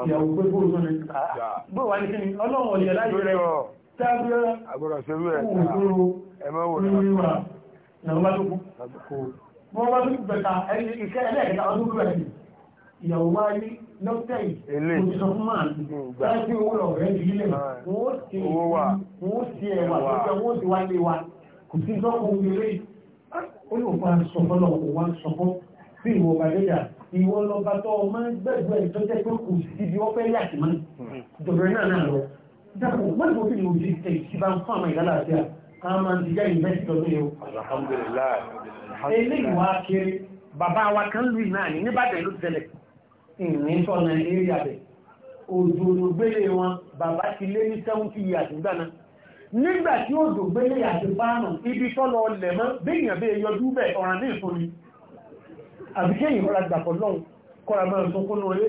ìyàwó pé bóòrò tó ní ah, ah. bóòrò wá ní kí ni ọlọ́run ọ̀yẹ̀ dókítà yìí kò sọ fún màá láti owó lọ̀rẹ́ ìbílẹ̀ ah, wọ́n ti wọ́n ti ẹ̀wà lọ́jọ́ wọ́n ti wá lé wa kò sí sọ́kùn ilé olùkọ́ ah, àṣọ̀fọ́lọ̀ kò wá sọ́kọ́ sí ìwọ̀ bàdéjà ìwọ lọba tó ọmọ gbẹ̀gbẹ̀ tó jẹ́ pé kò sí ibi wọ́n fẹ́ yà sí mọ́ dọ̀rẹ́ náà náà lọ dàpọ̀ wọ́n ti mọ̀ sí ẹ̀ sí bá ń fún àwọn ìlànà àti àwọn máa ń dijá ìmẹ́sì lọ́dún yìí o. Alhamdulillah. eléyìí wá kiri bàbá wa kan lù náà ní níbàdàn ló tẹ̀lẹ̀ ìrìn sọ́nà eré abẹ̀ òjòrò gbélé wọn bàbá ti lé ní 70 years gbáná nígbà tí òjò gbélé àti fáànà ibi tọ́lọ lẹ̀mọ́ bíyàn bẹ́ yọjú bẹ̀ ọ̀ràn ní ìfòrí àbíkẹ́ ìrọ́ra gbàpọ̀ lọ́hùn kọ́ra mọ́ ìsúnkúnnú orí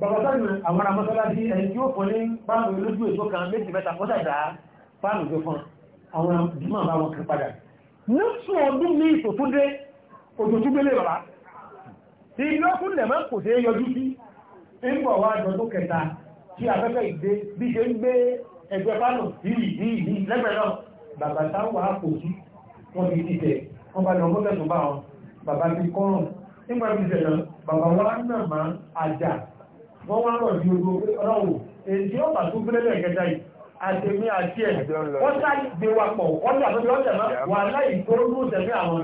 bàbá sáré àwọn amọ́sọ́lájí ẹni tí ó fún ní báàmù lójú èso kan méjì mẹ́ta fọ́sàdá fáànù tó fún àwọn jùmọ̀ bá wọn kiri padà ní tí iná tún lẹ̀ mọ́ kò tẹ́ yọjú sí ń bọ̀ wá jọdún kẹta tí afẹ́fẹ́ ìdé bí ṣe ń gbé ẹgbẹ́ pánù yìí yìí lẹ́gbẹ̀ẹ́ náà bàbá táwà kò sí wọ́n ti tẹ̀ wọ́n bá lọ mọ́tẹ̀ tó bá wọn bàbá ti kọ́rùn nígbà tí ìṣẹ̀lẹ̀ bàbá wa náà máa àjà wọ́n wá rọ̀ sí ojú ọlọ́wọ̀ èyí ọ̀pá tó gbélé kẹta yìí àtẹ̀mí àti ẹ̀ wọ́n sáré gbé wa pọ̀ wọ́n dà tó lọ́tẹ̀ náà wà láì tó lóòtẹ̀mí àwọn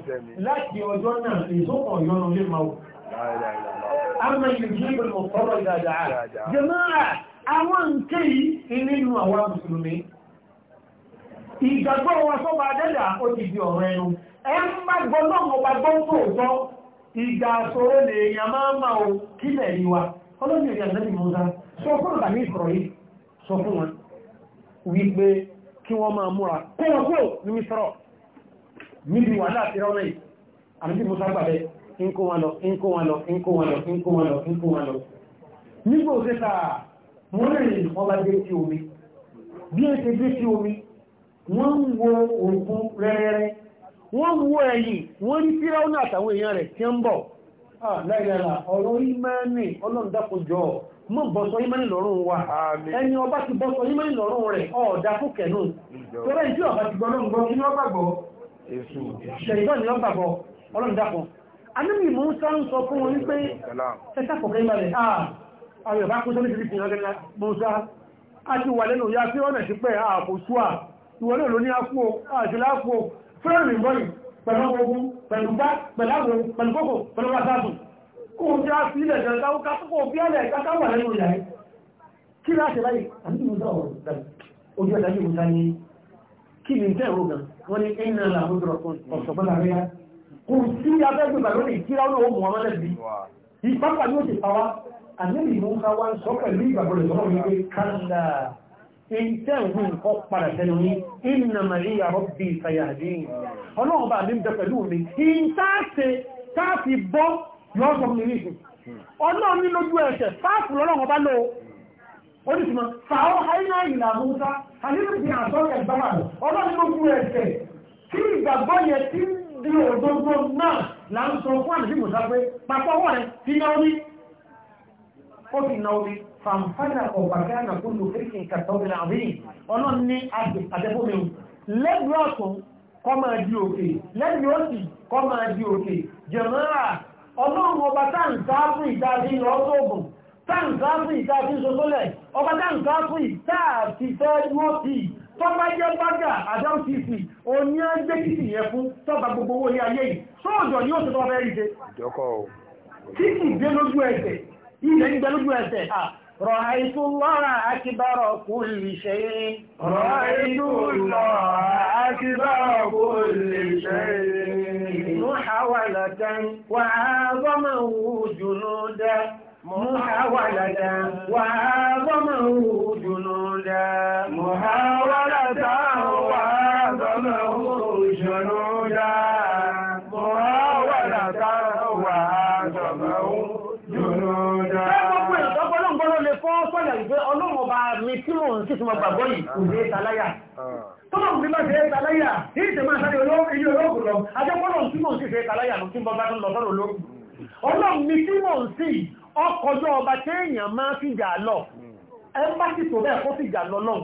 láti ọjọ́ náà èso kan yọnu lé máa àmà ìjìbìn ọ̀pọ̀rọ̀ ìdájáà jẹmáà àwọn nǹkẹ́ yìí nínú àwọn mùsùlùmí ìgbàgbọ́ wọn sọ́bà dẹ́dà ó ti di ọ̀rọ̀ ẹnu ẹ ń bá gbọ́lọ́mọ̀ bá gbọ́ tóòtọ́ ìgbà sọ́rọ̀ lè yàn máa máa o kílẹ̀ yíwa ọlọ́dún ìyàn lẹ́bí mọ́ta sọ fún ìbàmí ìsọ̀rọ̀ yìí sọ fún wọn wípé kí wọ́n máa ń kó wọn lọ ń wọn lọ ń wọn lọ wọn lọ wọn lọ nígbò rìn wọ́n bá sí omi bí èsè dé sí omi wọ́n ń wo òkun rẹ́rẹ́rẹ́ wọ́n ń wo ẹ̀yìn wọ́n rí fíráúnà àtàwọn èèyàn rẹ̀ tí ń bọ̀ mọ́ ọba ti bọ́sọ ìmẹ́ni lọ́rùn rẹ̀ ọ̀dá ọba ti anúmì mú sọ́rún sọ fún wọn wípé ẹ̀sàkọ̀kẹ́ ìbàlẹ̀ ah, ààrẹ bá kún sọ́lẹ̀ ìfìyàn gẹ́gẹ́ mọ́sá a ti wà lẹ́nu ya tí ó mẹ̀ sí pẹ́ ààkò ṣúà ìwọ̀n náà ló ní àpò àti lápò fẹ́rẹ̀mì bọ́yì pẹ̀lú ogun pẹ̀lú bá pẹ̀lú àwọn pẹ̀lú kòkò pẹ̀lú wásáàtù kó o já sí ilẹ̀ jẹta ó ká kókò bí ẹlẹ̀ ìkáká wà lẹ́nu ìyá kí láti báyìí àti mọ́sá ọ̀rọ̀ ojú ẹ̀dájú mọ́sá ní kí ni tẹ́ ìrógan wọ́n ní ẹ̀yìn náà làwọn ọ̀sọ̀gbọ́n láàrin kò sí abẹ́gbẹ̀gbà lórí ìkíra olówó mọ̀ ọmọ lẹ́bí ìpápá yóò ti pàwá ànílì mú ká wá ń sọ pẹ̀lú ìgbàgbọ́ rẹ̀ sọ́kọ̀ wípé kánà ìtẹ́ ìhun nǹkan padà tẹnu ní ìnà màríyà rọ́bì ìfàyàdì ọlọ́run bá mi ń bẹ pẹ̀lú mi ìtaṣe táàfi bọ́ yọ́ sọ fún mi ní ìsìn ọlọ́run ní lójú ẹsẹ̀ fáàfù lọ́lọ́run bá lọ oríṣìíma fàáwọ́ àìyá ìlà àmúta àníbìsí àtọ́kẹ̀ ìgbàgbà ọlọ́run lójú ẹsẹ̀ tí ìgbàgbọ́ yẹ tí ń ní òdòdó náà là ń sọ fún àdìsí mọ̀sá pé papọ̀ wọ́n rẹ̀ ti náà ní ó ti náà ní fàǹfàdà ọ̀bàgá náà kó lò fẹ́kì kàtọ́bìnà àríyìn ọlọ́n ní àjẹ́bómi lẹ́gbẹ̀ẹ́ ọ̀tún kọ́ máa di òkè lẹ́gbẹ̀ẹ́ òsì kọ́ máa di òkè jẹ̀mọ́ra ọlọ́run ọba táǹkà fún ìdájí lọ́sọ̀gùn táǹkà fún ìdájí sọ́sọ́lẹ̀ ọba táǹkà fún ìdájí tẹ́ẹ̀dúwọ́ tó bá jẹ́ bágà àdáwò tí ìsìn òní á gbé títì yẹn fún tọ́ba gbogbo owó ní ayé yìí sóòjọ́ ni ó ti tọ́ fẹ́ ṣe. títì gbé lójú ẹsẹ̀ ilẹ̀ ń gbé lójú ẹsẹ̀ à رأيت الله أكبر كل شيء رأيت الله أكبر كل شيء محاولة وعظمه جنودا محاولة وعظمه جنودا محاولة ìtumọ̀ gbàgbọ́ yìí kò ní ìtaláyà ah. tọ́lọ̀ ní máa ṣe ìtaláyà ní ìtẹ̀mọ́ sáré ilé olóògùn lọ ajẹ́pọ̀lọ̀ tí mò ń sì ṣe ìtaláyà lọ tí ń bọ́ bá tún lọ sọ́rọ̀ olóògùn hmm. ọlọ́run ni tí mò ń sì ọkọjọ́ ọba téèyàn máa fìjà lọ hmm. ẹ bá sì tó bẹ́ẹ̀ kó fìjà lọ lọ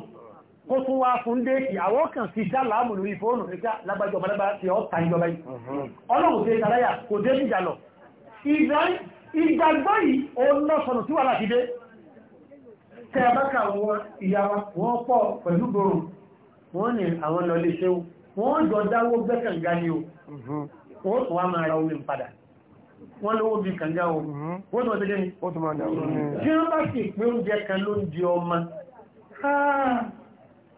kó tún wá fún déèkì àwọn kan sì já láàmù lórí fóònù nígbà lágbàjọ ọmọdébá ti ọ́ ta ìjọba yìí hmm. ọlọ́run ṣe ìtaláyà kò dé fìjà lọ ìgbàgbọ́ yìí òun lọ tí wà láti dé tẹ́ abákà wọn ìyá wọn pọ̀ pẹ̀lú gbòrò wọ́n ní àwọn lọ lè ṣe wọ́n jọ dáwó gbẹ́kànga ni o mhm. wọ́n tún wá máa ra omi padà wọ́n lówó bí kànga o mhm. wọ́n tún wọ́n tẹ́jẹ́ ni tí wọ́n bá sì pé oúnjẹ kan ló ń di ọmọ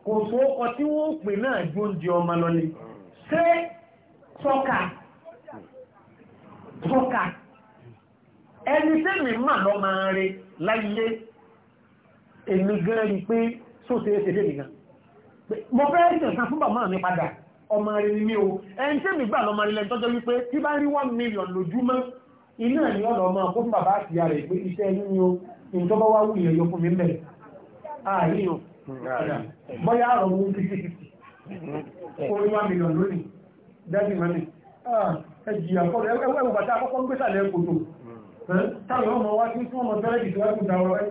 kò tó ọkọ̀ tí wọ́n pè náà ju oúnjẹ ọmọ lọ ni ṣé sọ́kà sọ́kà ẹni tẹ́mi mà lọ́ máa rí láyé èmi gan rí pé sóṣe ṣeré nìkan mo fẹ́ rí fún bàmá mi padà ọmọ rẹ̀ ni mí o ẹni tí mi gbà lọ́mọ rẹ̀ tọ́jọ́ wípé tí bá rí one million lójúmọ́ iná ni ọ̀nà ọmọ kó fún bàbá àti ìyá pé iṣẹ́ ẹni ìjọba wá wù yẹn yọ fún mi mẹ́rẹ̀ àárín bọ́yá àrọ̀ mú fifty fifty one million lónìí dẹ́bì mọ́nì ẹjì àkọ́rọ̀ ẹwẹ́ bàtà akọ́kọ́ ń gbé sàlẹ̀ kòtò táwọn ọmọ wá sí fún ọmọ bẹ́rẹ̀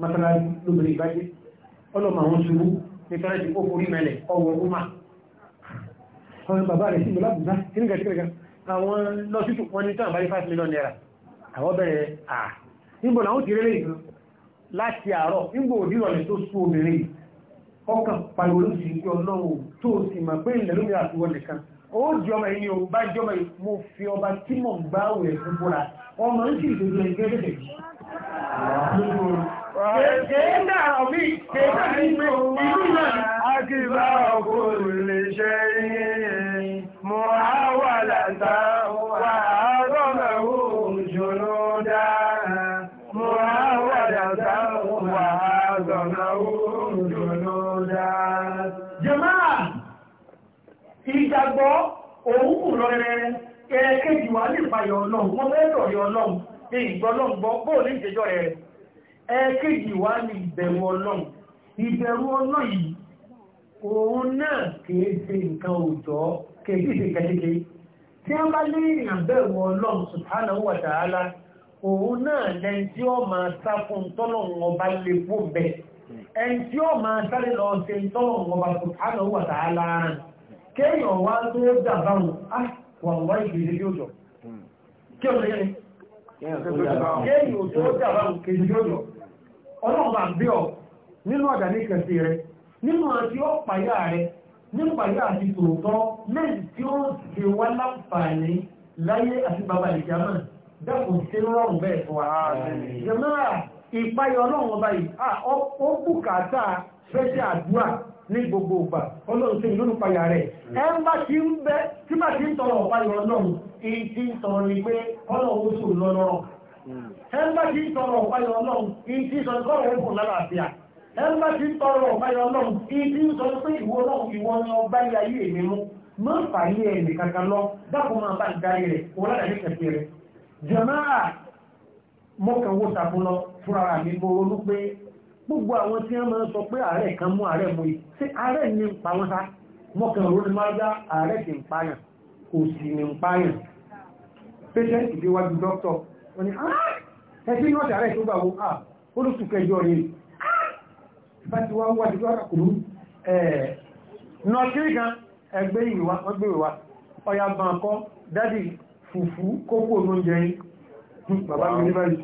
mọ́sánárì lóbìnrin ìbájé ọlọ́mà wọn ṣubú ní tọ́lá ìdíkó forí mẹ́lẹ̀ ọwọ́ rúmà ọ̀rọ̀ bàbá rẹ̀ sí ìlú lábùdá kíníkàtíkà àwọn lọ́sítù wọn ní tán àbárí 5 million naira àwọn bẹ̀rẹ̀ à níbo làwọn ti rẹ́lẹ̀ ìgbìmọ̀ láti àárọ̀ níbo òdírọ̀lẹ̀ tó sú obìnrin ọkàn pariwo ló sì gbé ọlọ́run tó sì mọ̀ pé ilẹ̀ lómi àtiwọ́ nìkan ó di ọmọ yìí o bá jọmọ yìí mo fi ọba tí mò Kéèkéèdà ọ̀bí, kéèkéèdà ìlú náà. Akíbá ọkọ̀ lè ṣe yìí, mọ̀ á wà látà wà òjòrò dáa. Mọ̀ á wà látà wà òjòrò dáa. Jẹ́mà, ìgbàgbọ́ òun kù lọ rẹ̀ kẹ́ẹ̀kẹ́ jùwà nípa yọ̀ ọlọ́run, wọ́n mẹ́rọ̀ yọ̀ ọlọ́run, ní ìjẹjọ́ ẹ̀ẹ́kejì wá ní ìbẹ̀rù ọlọ́run ìbẹ̀rù ọlọ́run yìí òun náà kìí ṣe nǹkan òjọ́ kìí ṣe kẹ́kẹ́kẹ́ tí a bá lé ìrìn bẹ̀rù ọlọ́run subhanahu wa ta'ala òun náà lẹ́n tí ó máa sá fún tọ́lọ̀run ọba lè fò bẹ̀ ẹn tí ó máa sáré lọ ṣe tọ́lọ̀run ọba subhanahu wa ta'ala rán kéèyàn wá tó dàbáhùn á wà wá ìgbèrè yóò jọ hmm ọlọ́run bá ń bí ọ nínú ọ̀dà ní kẹsì rẹ nínú àti ọ̀pàyà rẹ nínú pàyà àti tòótọ́ lẹ́yìn tí ó ṣe wá láǹfààní láyé àti bàbá ìjàmà dẹ́kun sí rọrùn bẹ́ẹ̀ fún wa. jẹ́mọ́ra ìpáyọ̀ ọlọ́run ọba yìí ó bùkátà fẹ́ṣẹ́ àdúrà ní gbogbo ìgbà ọlọ́run tí ìlú payà rẹ̀ ẹ ń bá ti ń bẹ́ tí bá ti ń tọrọ ọ̀páyọ̀ ọlọ́run èyí ti ń tọrọ ní pé ọlọ́run ó ẹgbẹ́ tí ń tọrọ ọ̀páyọ ọlọ́run ìdí sọ gọ́rọ̀ ẹ̀kùn lálàáfíà ẹgbẹ́ tí ń tọrọ ọ̀páyọ ọlọ́run ìdí sọ pé ìwọ ọlọ́run ìwọ ni ọba ilé ayé mi mú má fàyè ẹ̀mí kankan lọ dákun máa bá ń rẹ̀ wọ́n ládàá rẹ̀ jẹ̀máà mo wó sàkún lọ fúnra mi mo ronú wọ́n ni ẹ̀sìn náà tààrẹ tó gbàwó ah, à olóṣù kẹjọ rẹ̀ ah, bá ti wá ń wá ìjọ́ àkùrú nọ́tírí kan ẹgbẹ́ ìwà ọya bàǹkọ́ dádì fùfú kókó olóúnjẹ yìí hmm, bàbá mi ní báyìí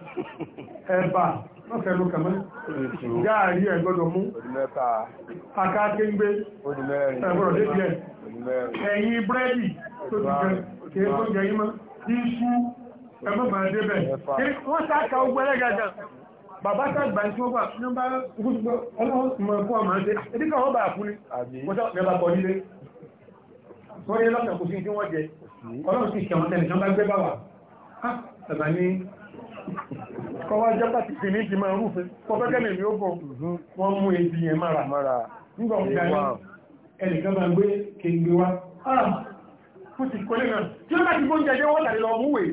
ẹ̀bà lọ́fẹ̀ẹ́lú kàmọ́ gáàrí ẹ̀gbọ́dọ̀ mú akákéńgbé ẹ̀gbọ́dọ̀ débìẹ̀ ẹ̀yìn búrẹ́dì tó ti jẹ kéèkó jẹ yí mọ́ iṣu ẹgbẹ́ máa dé bẹ̀ wọ́n sáàkà ogun ẹlẹ́gàgà bàbá sàgbà tí wọ́n bá nígbà gbogbo ọlọ́mọ ẹ̀kọ́ ọmọ ẹ̀dẹ́ ẹ̀díkà wọ́n bá fún ní wọ́n sọ lẹ́bàá kọ nílé wọ́n yẹ lọ́sàn kò sí tí wọ́n jẹ ọlọ́run sì kẹwọn tẹ́lẹ̀ tán bá gbé bá wà bàbá ní kọwá jẹ́ pàtì sí ní ti máa rúfẹ́ pọ́fẹ́kẹ́ lè ní ó bọ̀ mhm. wọ́n mú èdè yẹn mára nígbà ọ̀gá ẹnìkan máa gbé kéńgbé wá ah! wọ́n ti kọ́lé náà tí ó bá ti gbóúnjẹ jẹ́ wọ́n tàbí lọ mú wèé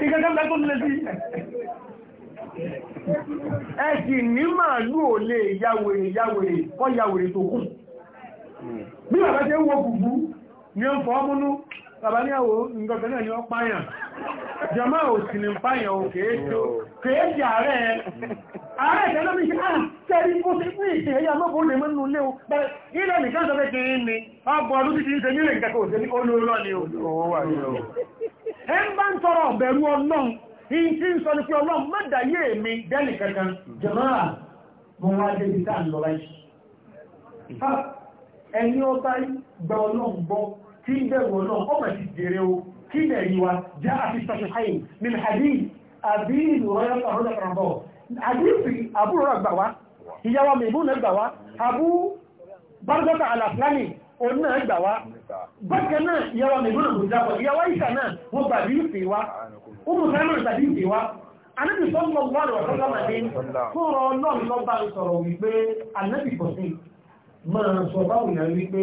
ìkẹ́kẹ́ tó lè sí ẹ̀sì ní màálù ò lè yàwèrè yàwèrè kọ́ yàwèrè tó kùn bí bàbá tẹ́ wọ gùgbú ní ó fọ́ múnú bàbá ní àwọ̀ ǹgọ̀gẹ́ náà ni ó páyàn jọmọ́ ò sì ní páyàn ò kéèkì ààrẹ ààrẹ ìtẹ́lọ́mí ṣe àà ah, tẹ́rí kó sí fún ìṣẹ́ ẹ̀yà mọ́kún lè mọ́nú lé o ilẹ̀ nìkan sọ fẹ́ kí ní ọgbọ̀n ọdún títí ń ṣe nílẹ̀ ìkẹ́kọ̀ọ́ ẹ ń bá ń tọrọ ọ̀bẹ̀rú ọlọ́run in tí ń sọ ní pé ọlọ́run mọ́dàyé mi dẹ́nì kankan jẹ̀mọ́ra mo wá dé ibi lọ láì ẹni ọba gba ọlọ́run gbọ́ tí ń bẹ̀rù ọlọ́run ọmọ min hadi àbí ìlú ọlọ́run ọ̀rọ̀ kan bọ̀ àdìsí àbúrò rà gbà wá ìyá wa mẹ́bùn náà òun náà gbà wá bákan náà ìyàwó mẹ́gbọ́n náà gbòjá pọ̀ ìyàwó ìṣà náà wọ́n gbà bí ìfẹ́ wá ọmọ sáàmù ìtàbí ìfẹ́ wá anábì sọ́mọ wà lọ sọ́lá màdé fúnra náà lọ bá ń sọ̀rọ̀ wípé anábì kò sí máa sọ báwo náà wípé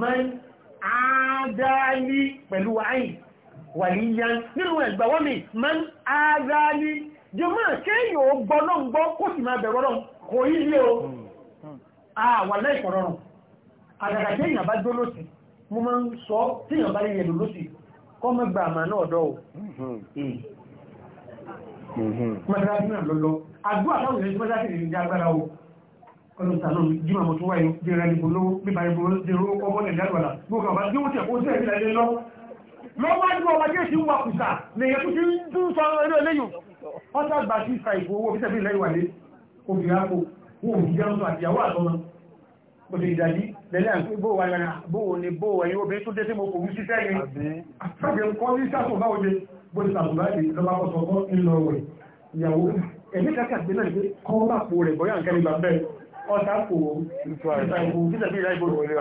máa ádáálí pẹ̀lú àìn wà ní yan nínú ẹ̀gbà wọ́n mi máa ádáálí jọmọ́ kéèyàn gbọ́ náà gbọ́ kó sì máa bẹ̀rọ̀ náà kò yí lé o àwọn hmm. aláìkọ̀rọ̀rùn ah, àgàgà tí èyàn bá gbólóṣì mo máa ń sọ tí èyàn bá rí ẹ̀lú lóṣì kọ́ mọ́ gbà àmà náà dọ́ mm-hmm. mọ́sálásí náà lọ́lọ́ àgbó àtàwọn ìrẹsì mọ́sálásí rẹ̀ ní agbára o ọdún tàná jíma mo tún wáyé bí ra níbo lówó bí bàrí bòrò dé ro ọmọ nàìjíríà jẹ́ ti ń wa kùsà lèyẹ tó ti ń dún sọ eré eléyìn wọ́n sàgbà sí ìfà ìfowó bí tẹ̀bí ilẹ̀ ìwàlé obìnrin àpò wọn ò fi jẹun sọ àtọ́nà òdè ìdàjí lẹ́lẹ́ àti bóòwò ni bóòwò ẹ̀yìn obìnrin tó dé sí mo kò wú sí sẹ́yìn àtàgbẹ̀ nǹkan ní sàtọ̀bá òde bóòdì sàtọ̀bá ìdí lọ́bá kọ́sọ̀ ọkọ́ ńlọ rẹ̀ ìyàwó ẹ̀mí kàkà gbé náà pé kọ́ bá po rẹ̀ bọ́yá nǹkan nígbà bẹ́ẹ̀ ọ̀tá kò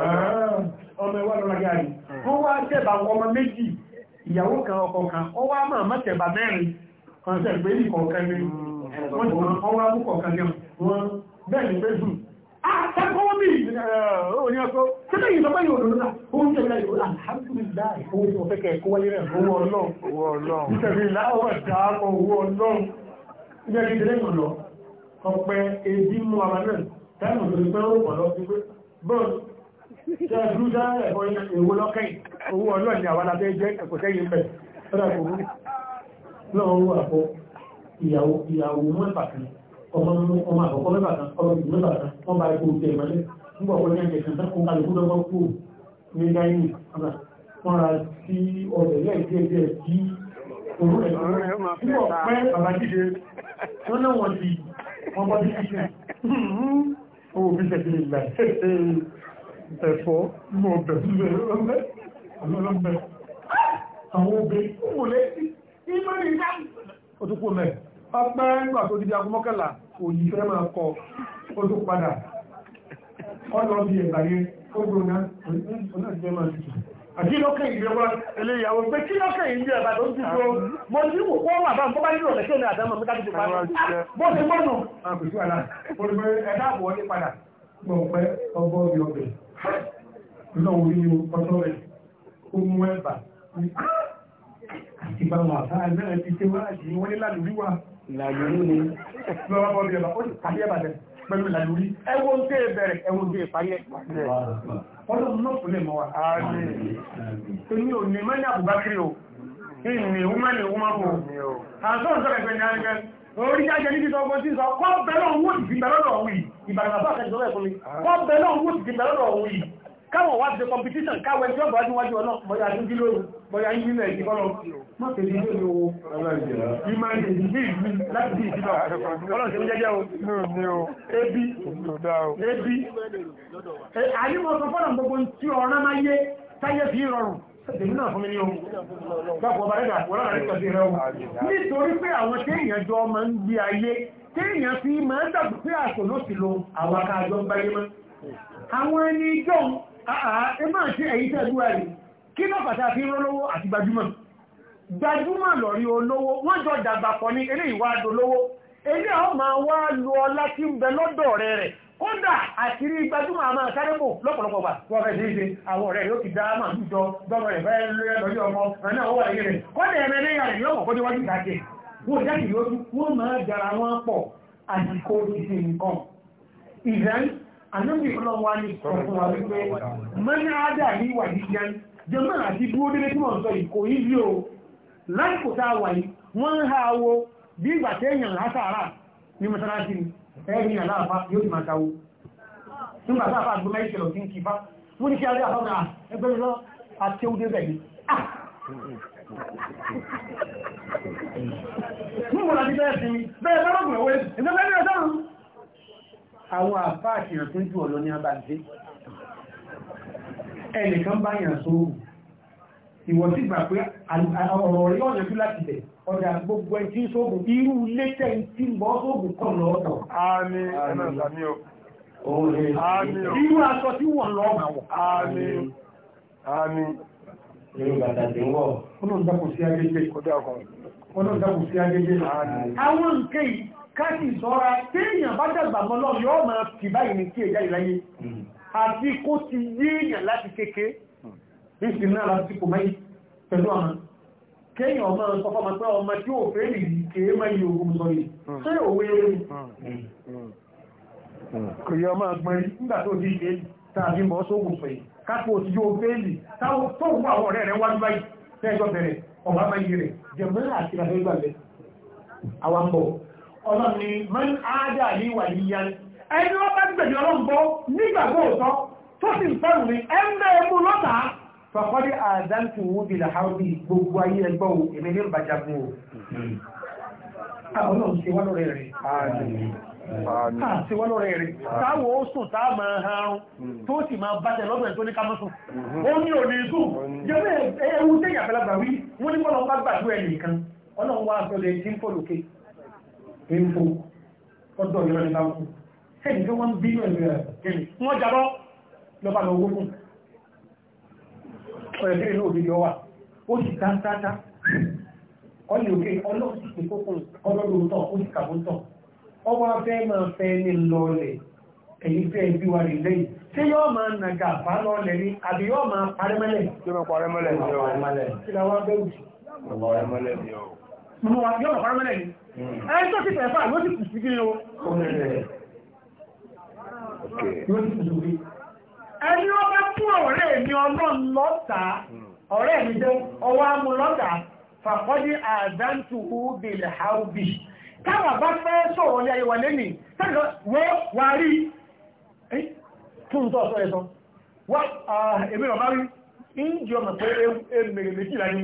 ah, ọmọ ẹwà lọ́la gáàrí wọ́n wá tẹ̀bà ọmọ méjì ìyàwó kan ọkọ kan ọ wá máa má tẹ̀bà mẹ́rin kan sẹ́gbẹ́ nìkọ̀ọ̀kan ní hmm. wọ́n ti wọ́n wá mú kọ̀ọ̀kan ní wọ́n bẹ́ẹ̀ ni pé dùn àtàkọ́wọ́bì oníyàkọ́ tẹ́lẹ̀ yìí lọ́pẹ́ yóò lọ́nà oún tẹ́lẹ̀ yóò alhamdulillah owó tí wọ́n fẹ́ kẹ́ kọ́wọ́ lérẹ̀ owó ọlọ́run owó ọlọ́run tẹ̀lẹ̀ láwọ̀ dáàkọ̀ owó ọlọ́run ilé ẹni tẹ́lẹ̀ yóò lọ ọpẹ́ ebi mú ara náà táìmù tó ti pẹ́ ó pọ̀ lọ sí pé bọ́ọ̀n tẹ́ ẹ̀dú dá ẹ̀kọ́ owó lọ́kẹ́ owó ọlọ́run ni àwọn abẹ́ jẹ́ ẹ̀kọ́ sẹ́yìn bẹ̀ lọ́wọ́ àpọ̀ ìyàwó mọ́ pàtàkì ọmọ ọmọ àkọ́kọ́ mẹ́fà kan ọmọ ìlú mẹ́fà kan wọ́n bá ikú tẹ̀ mọ́lẹ̀ nígbà wọ́n ní ẹ̀jẹ̀ kan tán kún kálukú lọ́gbọ́n kú ní dáínì wọ́n ra sí ọ̀rẹ́ lẹ́ẹ̀kẹ́ díẹ̀ sí òun rẹ̀ nígbà pẹ́ bàbá jíde wọ́n náà wọ́n ti wọ́n bọ́ sí kíkẹ́ owó bí sẹ́kì lè gbà ẹ̀fọ́ mọ̀ ọ̀bẹ̀ sílẹ̀ ọ̀bẹ̀ àwọn obìnrin kúrò lẹ́sí ìmọ̀ nìkan ó tún kú mẹ́rin ọpẹ́ ńgbà tó ti di agun mọ́kànlá òyìn fẹ́ máa kọ ó tó padà ọlọ́ bí ẹ̀gbà yẹn ó gbóná ọ̀nà ìjẹ́ máa tutù àti lọ́kàn ìjọba eléyàwó pé kí lọ́kàn ìjọ ẹ̀bà tó ti tó mo ní wò kó àti bá wà bá ẹ̀mẹ́rẹ̀ ti ṣe wá àti wọlé lálùrí wa ìlàlórí ni pẹ̀lú ìlàlórí ẹwọ́n tẹ́ bẹ̀rẹ̀ ẹwọ́n tẹ́ parí ẹ̀ ọlọ́run náà fún lè mọ́ wa tó ní òní mẹ́rin àbúgbákiri o ni ìní ọmọlè ọmọbò àtọ́rọ̀ sọ́rọ̀ ẹgbẹ̀ ní arẹ́gbẹ̀ orí jájẹ níbi tó ọgbọ́n sí sọ kọ́ bẹ̀rẹ̀ òun wò ti fi bẹ̀rẹ̀ lọ́wọ́ yìí ìbàdàn àbá àkẹ́jọ́ káwọn wá ṣe competition káwọn ẹjọ́ bá níwájú ọ̀nà bọ́yá tó jí lóru bọ́yá yí nílẹ̀ ìdí kọ́lọ̀ má ṣe ní lórí owó ìmá ìdí láti bí ìdílọ̀ ọlọ́run ṣe ń jẹ́jẹ́ o ebi ebi àyíkọ́ sọ fọ́nà gbogbo tí ọ̀rọ̀ máa yé táyé fi rọrùn tèmi náà fún mi ní o gbàgbọ́ bá rẹ̀dà wọ́n rẹ̀ tọ́jú rẹ̀ o nítorí pé àwọn téèyàn jọ máa ń gbé ayé téèyàn fi máa ń dàgbù pé àṣò ló sì lo àwọn akáàjọ ń báyé mọ́ àwọn ẹni ìjọ Ah, ah, ẹ máa ṣe ẹ̀yí tẹ́gbúra rí kí lọ pàtà fi rán lówó àti gbajúmọ̀ gbajúmọ̀ lọ́rí olówó wọ́n jọ dàgbà pọ̀ ní eré ìwádò lówó eré ọ ma wá lo ń bẹ lọ́dọ̀ rẹ̀ rẹ̀ kódà àti rí gbajúmọ̀ àmà sárébò lọ́pọ̀lọpọ̀ bà wọ́n fẹ́ ṣe àwọn ọ̀rẹ́ ànábì ọlọ́wọ́ ní ọ̀fún wa wípé mẹ́ni ádà ní ìwà jíjẹ́ jẹ́mọ́ àti dúró dédé tí wọ́n sọ ìkò yìí o lásìkò tá a ha wo bí ìgbà tí èèyàn lásàárà ní mọ́sálásí ni ẹ̀rí àláàfá yóò ti máa káwó nígbà tá a fà gbọ́mọ́ ìṣẹ̀lọ̀ sí ń kí bá wọ́n ní kí adé àfọ́ náà àwọn àpá àṣìyàn tó jù ọ̀lọ́ ní abájé ẹnìkan bá yàn só ìwọ̀n sí gbà pé ọ̀rọ̀ rí ọ̀nà tó láti bẹ̀ ọ̀dà gbogbo ẹ̀tí sóògùn irú lẹ́tẹ̀ tí mọ́ sóògùn kọ̀ lọ́ọ̀tọ̀ irú aṣọ tí wọ́n lọ Ọlọ́run dákùn sí agéjé. Àwọn nǹkan yìí káàkì ìṣọ́ra téèyàn bá dàgbà mọ́lọ́ yóò máa fi báyìí ní kí ẹjá ìláyé hmm. àti kó ti yéèyàn láti kéèké ìsìn náà láti sípò mẹ́yí pẹ̀lú ọmọ kéèyàn ọmọ sọfọ́mọ pé ọmọ tí ó fẹ́ lè kéé mẹ́yí ogun sọ yìí hmm. ṣé òwe hmm. kò yẹ ọmọ agbọ́n nígbà tó di ilé tàbí mọ́ sóògùn kápò tí yóò fẹ́ lè tó wù àwọn ọ̀rẹ́ rẹ̀ wájú báyìí tẹ́ẹ̀jọ́ bẹ̀rẹ̀ ọ̀bá máa yìí rẹ̀ jẹ̀mọ́ àti ìrànlẹ́gbàlẹ̀ àwọn àpọ̀ ọlọ́run ni man áádà ní wàlíyàn ẹni wọ́n bá gbẹ̀dẹ̀ ọlọ́run gbọ́ nígbàgbọ́ òtọ́ tó sì ń fẹ́rù ní ẹgbẹ́ ẹmú lọ́ta fàkọ́dé àdáǹtì wú bí làhábì gbogbo ayé ẹgbọ́ o èmi ní ìbàjagun o ọlọ́run ṣe wá lọ́rẹ̀ rẹ̀ àti wọ́n lọ́rẹ̀ rẹ̀ táwọ̀ ó sùn táà máa harun mm-hmm. tó sì máa bájẹ̀ lọ́bẹ̀ tó ní kámọ́sùn mm-hmm. ó ní òní sùn jẹ́ mm-hmm. pé ewu tẹ́yà fẹ́lágbà wí wọ́n ní kọ́lọ́ bá gbàdúrà ẹnì kan ọlọ́run wá sọ lè dín fọ́lùkẹ́ èèfò ọdọ̀ ìrọ̀ nípa kú ẹni tó wọ́n bí ẹ̀lú ẹ̀kẹ́ni wọ́n jàbọ́ lọ́pàá lọ owó fún ọ̀rẹ̀ tí ìlú òbíjọ wà ó sì ká sáátá ọlẹ́ òkè ọlọ́sìsì fókùn ọlọ́lọ́tọ̀ ó sì kàbótọ̀ ọwọ́ afẹ́ máa fẹ́ ní lọlẹ̀ èyí fẹ́ bí wà rí lẹ́yìn tí yóò máa nàgà bá lọlẹ̀ ní àbí yóò máa parẹ́mọ́lẹ̀ mú wa yọ́nà faramẹ́lẹ̀ ni hmm. ẹni tó sì fẹ́ fà ló sì kù sí gírí o ẹni wọ́n bá fún ọ̀rẹ́ mi ọlọ́n lọ́ta ọ̀rẹ́ mi jẹ́ ọwọ́ amú lọ́ta fàkọ́dí àdántù ubìlẹ̀ haubi káwà bá fẹ́ sọ̀rọ̀ ní ayé wà lẹ́nì tẹ́lẹ̀ wà rí tún tọ́ sọ ẹ̀sọ́ wà ah, èmi rọ̀ bá rí ń jọ mọ̀ pé èmèrè méjìlá ní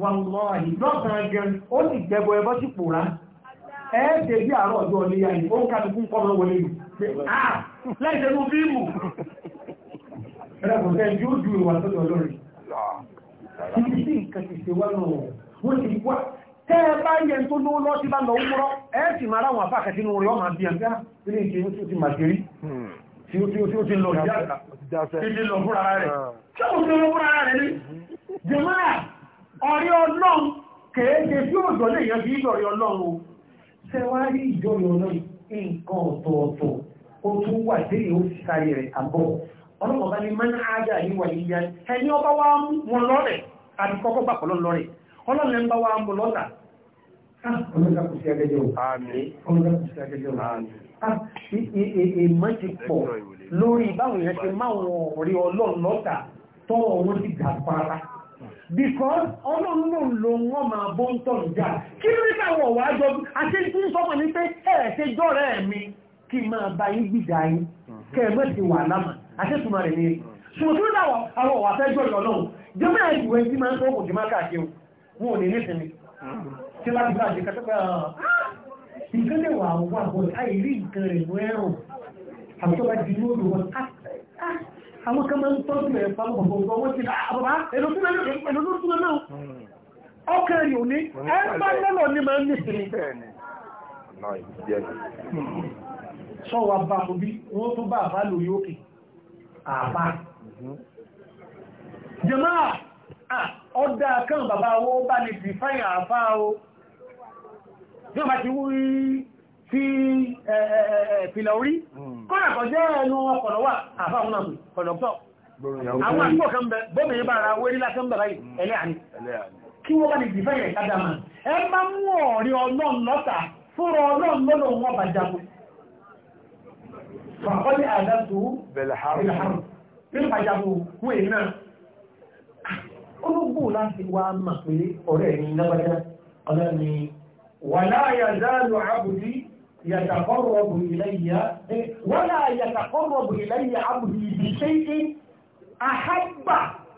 wàlọ́ọ̀hì lọ́sàn-án gẹn ó sì gbẹbọ ẹbọ sí pòórá ẹ̀ẹ́dẹ̀ bí àárọ̀ ọjọ́ ọ̀lẹ́yà yìí ó ń ká tukú kọ́ mọ́ wọlé yìí pé à lẹ́sẹ̀ mú fíìmù ẹ̀rẹ́kùnrin yóò ju ìwà tó lọ lórí ibi tí nǹkan ti ṣe wá náà wọ́n ti wá tẹ́ ẹ bá yẹ tó lówó lọ́ sí bá lọ wúrọ́ ẹ sì máa ráwọn afá àkàtì inú rẹ̀ ọmọ àbí àbí ilé ìṣe ó ti mà sí rí tí ó ti lọ ìjà ti lọ fúnra rẹ̀ tí ó ti lọ fúnra rẹ̀ ní jẹ́mọ́ra ọ̀rí ọlọ́run kèéje tí òjò lè yẹn bí ìdọ̀rí ọlọ́run o ṣe wá rí ìdọ̀rí ọlọ́run nǹkan ọ̀tọ̀ọ̀tọ̀ ó tún wà déyìí ó sì sáré rẹ̀ àbọ̀ ọlọ́run bá ní mẹ́rin wa mú wọn lọ́rẹ̀ àti kọ́kọ́ gbà pọ̀lọ́ lọ́rẹ̀ ọlọ́run ẹni bá wa mú lọ́tà ah, ọlọ́run kò sí agẹ́jẹ́ o ọlọ́run kò sí agẹ́jẹ́ o èèmọ́ ah, ti pọ̀ lórí báwọn èèyàn ti máwọn ọ̀rẹ́ ọlọ́run lọ́tà tọ́wọ́ wọn ti gà pàápàá because ọlọ́run náà ló wọ́n máa bó ń tọ̀ ìjà kí ló ní káwọ̀ wá jọ àti tí ń sọ́mọ̀ ní pé ẹ̀rẹ̀ ṣe jọ́rẹ̀ mi kí máa bá yín gbìdá yín kẹ́ẹ̀mọ́ ti wà lámà àti ìtumọ̀ rẹ̀ ní ṣùgbọ́n tó dáwọ̀ àwọn ọ̀wà fẹ́ jọ́ ìlọ́lọ́run jọmọ́ ìwé tí máa ń tó òkùnjẹ́ máa káàkiri wọn ò ní nísìnyí tí láti bá àjẹkà tó pẹ́ ìgbẹ́lẹ̀ wà wà bọ̀ àìrí nǹkan rẹ̀ mú ẹ̀rùn àbúkọ́ bá di ní odò wọn ah, ah, àwọn kan máa ń tọ́jú ẹ̀ bá bọ̀ bọ̀ wọ́n ti àbàbá ẹ̀lú tí wọ́n náà ọkàn rí òní ẹgbà lọ́lọ́ ní máa ń ní sinmi sọ́wọ́ bá mú bí wọ́n tó bá bá lórí òkè àbá jẹ́mọ́ ọdá kan bàbá wọ́n bá ní dìfáyà àbá o yóò bá ti wú rí ti ìpìlẹ̀ orí hmm. kọ́nà kọ̀ jẹ́ ẹnu ọkọ̀lọ́wà àfáwọn àmì kọ̀lọ̀pọ̀ àwọn àgbò kan bẹ bọ́mìnrin bára wérí lásán bàbá hmm. ẹlẹ́ àní kí wọ́n bá ní ìdìfẹ́yẹ̀ ìtàdàmà ẹ má mú ọ̀rí ọlọ́run lọ́ta fúnra ọlọ́run lọ́nà wọn bá jagun fàkọ́lẹ̀ àdásù bẹ̀lẹ̀ àrùn يتقرب إلي ولا يتقرب إلي عبدي بشيء أحب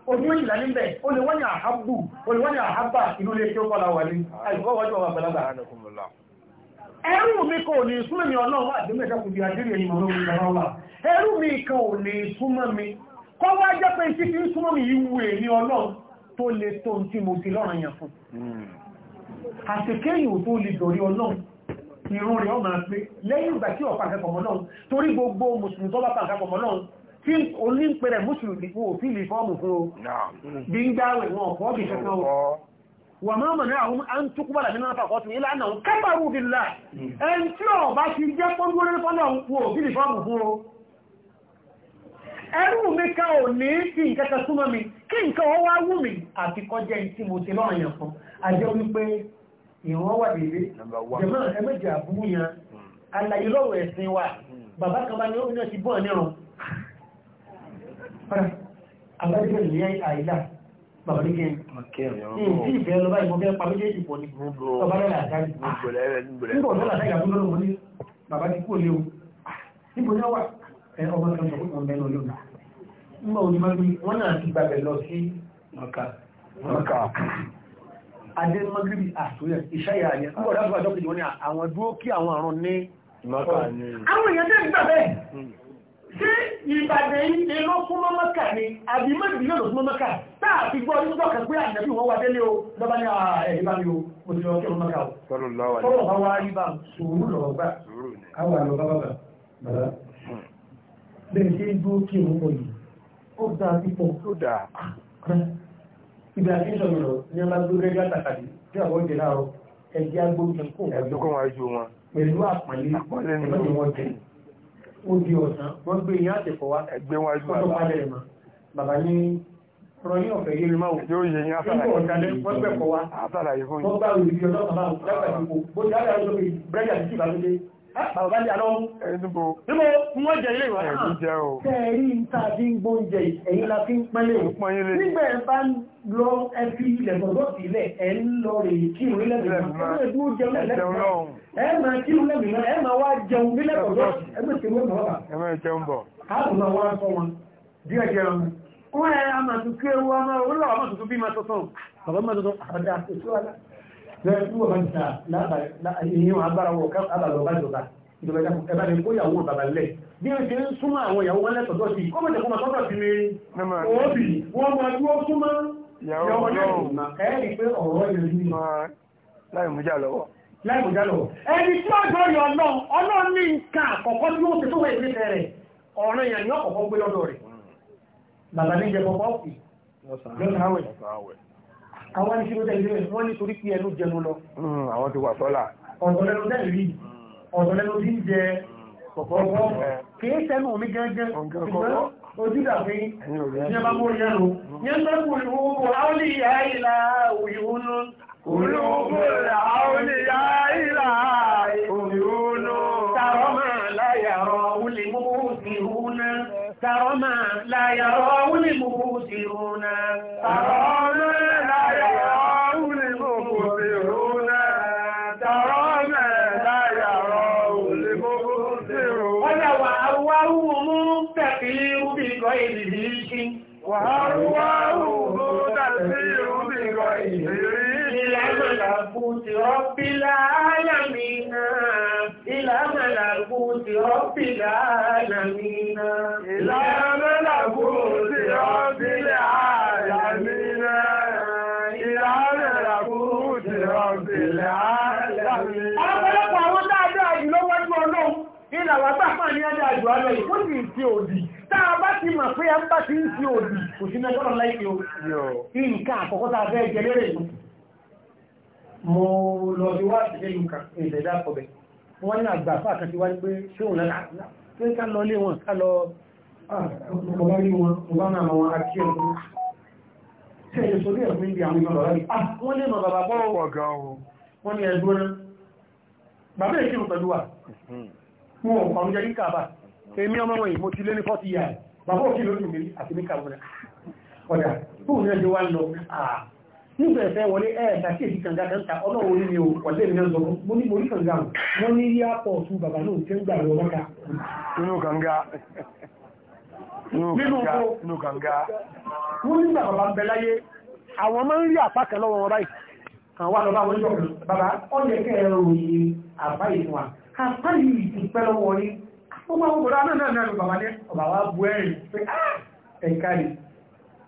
Ogun ìlà níbẹ̀, ó lè wọ́n ni àhábù, ó lè wọ́n ni àhábà inú lè tí ó kọ́lá wà ní àìkọ́wọ́jọ́ wà pẹ̀lá bàrá. Ẹrù mi kò ní súnmọ́ mi ọlọ́run àti mẹ́sàkù bí àjírí mi kan ní súnmọ́ mi, kọ́ wá jẹ́ pé sí fi ń súnmọ́ mi ìwú tó le tó ń mo ti lọ́rọ̀ yàn fún. Hmm. Àṣekẹ́yìn ò tó le dọ̀rí ọlọ́run ìrún rẹ̀ ọmọ pé lẹ́yìn ìgbà tí ọ̀pá nǹkan pọ̀mọ́ náà torí gbogbo mùsùlùmí tó bá pa nǹkan pọ̀mọ́ náà tí onípẹ̀rẹ̀ mùsùlùmí fún òfin lè fọ́ọ̀mù fún o bí ń gbáwẹ̀ wọn ọ̀pọ̀ bí o wà máa mọ̀ náà an tó kúbàlà nínú àpapọ̀tún ilá náà kábàrú bí lá hmm. ẹn tí ọ̀ bá ti jẹ́ pọ́ngbọ́n fọ́nà fún òfin lè fọ́ọ̀mù fún o ẹrù mi ká ò ní fi nǹkan kan súnmọ́ mi kí nǹkan ọwọ́ wù mí àti kọjá ẹni tí ìwọ́n wà dédé jẹmọ́ ẹmẹ́jì àbúyàn alàyé lọ́wọ́ ẹ̀sìn wa bàbá kan bá ní ó náà ti bọ́ nírun àbájẹ́ ilẹ̀ àìlà bàbá ní kí n tí ìbẹ̀rẹ̀ lọ báyìí mọ́ bẹ́ẹ̀ pa méjèèjì pọ̀ ní bàbá lẹ́lẹ̀ àjáyì nígbà ọ̀dọ́ làtàrí àbúrò lọ́wọ́ ní bàbá ti kúrò léwu níbo náà wà ọmọ kan sọ pé wọ́n bẹ́ẹ̀ lọ lónìí nígbà òní máa ń bí wọ́n náà ti gbàgbẹ̀ lọ sí mọ̀ká adé magribi àtúnyẹ̀ ah, iṣẹ́ ìyá yẹn nígbà ọ̀dá fún àjọ kejì wọn ni àwọn dúró kí àwọn àrùn ní àwọn èèyàn tẹ́ gbà bẹ́ẹ̀ hmm. ṣé ìbàdàn ilé ló fún mọ́mọ́kà ni àbí mọ́bí yóò lò fún mọ́mọ́kà táà fi gbọ́ ní gbọ́ kan pé ànàbí wọn wà délé o lọ́ba ní ah, ẹ̀yìn bá mi o mo ti lọ kí ọmọ mọ́kà o tọ́lọ̀ bá wá rí bá sòwúrú lọ́wọ́ gbà káwà lọ bá bàbà bàbá hmm. bẹ́ẹ̀ ṣe dúró kí òun mọ̀ yìí ó dáa pípọ̀ ó dáa ah, ibi àfihàn lọ ní ọba tó rẹ́rí àtàkàdé tí àwọn oúnjẹ náà ẹgbẹ́ agbóhùn kò ẹgbẹ́ kó wájú wọn pẹ̀lú àpọ̀lé ẹgbẹ́ wọn jẹ ó di ọ̀sán wọ́n gbé ìyá àtẹ̀kọ̀ wá ẹgbẹ́ wájú wọn pàdé mọ́ bàbá ní rọyìn ọ̀fẹ́ yé mi máa wò yóò yẹ yín àtàlàyé fún yín wọ́n gbẹ̀kọ̀ wá àtàlàyé fún yín wọ́n gbà bàbá lè alọ́ ẹ̀dùnbò níbo wọ́n jẹ ilé ìwọ̀n náà jẹ́ o tẹ́ẹ̀rí ìta bí ń gbóúnjẹ ẹ̀yìn la fi ń pẹ́lẹ̀ nígbẹ̀ bá ń lọ ẹbí ilẹ̀ bọ̀dọ̀ sílẹ̀ ẹ̀ ń lọ rè kí ìrìn lẹ́gbẹ̀rẹ̀ Wọ́n ẹ̀ a máa tún kí ewu ọmọ orílọ̀ ọmọ tuntun bí máa tuntun. Bàbá máa tuntun àbádá, èso alá bẹ́ẹ̀ tí wọ́n bá ń ta ìyẹn agbára wọ̀ ká àbàlọ́ bá jọba ìjọba ìjọba ẹ̀bá ni kó yàwó bàbá lẹ̀ bí o ṣe ń súnmọ́ àwọn ìyàwó wọn lẹ́tọ̀ọ́tọ̀ sí kó mọ̀tẹ̀ kó mọ̀ tọ́tọ̀ sí mi òbí wọ́n máa dúró súnmọ́ ìyàwó náà ẹ̀ẹ́rì pé ọ̀rọ̀ yẹn ní láì mú jà lọ́wọ́ ẹni tí ọjọ́ yọ ọlọ́run ọlọ́run ní nǹkan àkọ́kọ́ tí ó ti tó wẹ̀ ìgbésẹ̀ rẹ̀ ọ̀ràn yẹn ni ọkọ̀ọ̀kọ́ gbé lọ́dọ̀ rẹ̀ bàbá ní jẹ àwọn ní ṣírò tẹ́lẹ̀ rẹ̀ wọ́n ní torí pí ẹnu jẹnu lọ hmm, àwọn ti wà sọ́là ọ̀dọ̀lẹ́nu tẹ́lẹ̀ rí hmm. ọ̀dọ̀lẹ́nu tí ń jẹ ọ̀pọ̀lọpọ̀ hmm. kìí sẹ́nu omi gángan ṣùgbọ́n ojú dàbí ní ọba mú yẹnu yẹn bẹ́ kù ìwúwo áwọlì ìyá ìlà òyìnbó olóògbò áwọlì ìyá ìlà òyìnbó tàrọ́mà láyàrọ̀ wúlì mú sí rúnà tàrọ́mà láyàrọ̀ wúlì mú sí rúnà rabbil alamin ila malakuti rabbil alamin ila ní ẹjọ́ àjò alẹ́ ìkó sì ti òdì táa bá ti mọ̀ pé a ń bá ti ń ti òdì kò sí mẹ́jọ́ láìpẹ́ o nǹkan àkọ́kọ́ tàbí ẹjẹ́ lérè mo lọ sí wá àṣìṣẹ́ ìlúkà ìṣẹ̀dá àkọ́bẹ̀ wọ́n ní àgbà fà kan ti wáyé pé ṣóhun lára pé ká lọ lé wọn ká lọ ọ̀bá ah, rí wọn ọba náà wọn àti ẹ̀rọ ṣe èdè sórí ẹ̀rọ ní ibi àwọn ìmọ̀ lọ́rí ah, wọ́n lè mọ̀ bàbá bọ́rọ̀ wọ́n ní ẹgbẹ́ náà bàbá èkí mú pẹ̀lú wa wọn ọ̀pọ̀ nígbẹ̀ ẹ̀fẹ́ wọlé ẹ̀ẹ̀dà sí èdè kànga kẹta ọlọ́wọ́ orí ni òkọ̀lẹ́ ìrìnà lọ mo ní morí kànga wọ́n ní rí àpọ̀ ọ̀tún bàbá náà tí ń gbà lọ mọ́ka nínú kànga nínú kànga wọ́n nígbà bàbá bẹ láyé àwọn máa ń rí àpá kan lọ́wọ́ wọn báyìí kan wá lọ́wọ́ àwọn ìjọba bàbá ó yẹ kẹ́ ẹ̀rọ òyìn àbá ìfún wa àpá yìí ti pẹ́ lọ́wọ́ rí ó máa ń gbọ́dọ̀ náà náà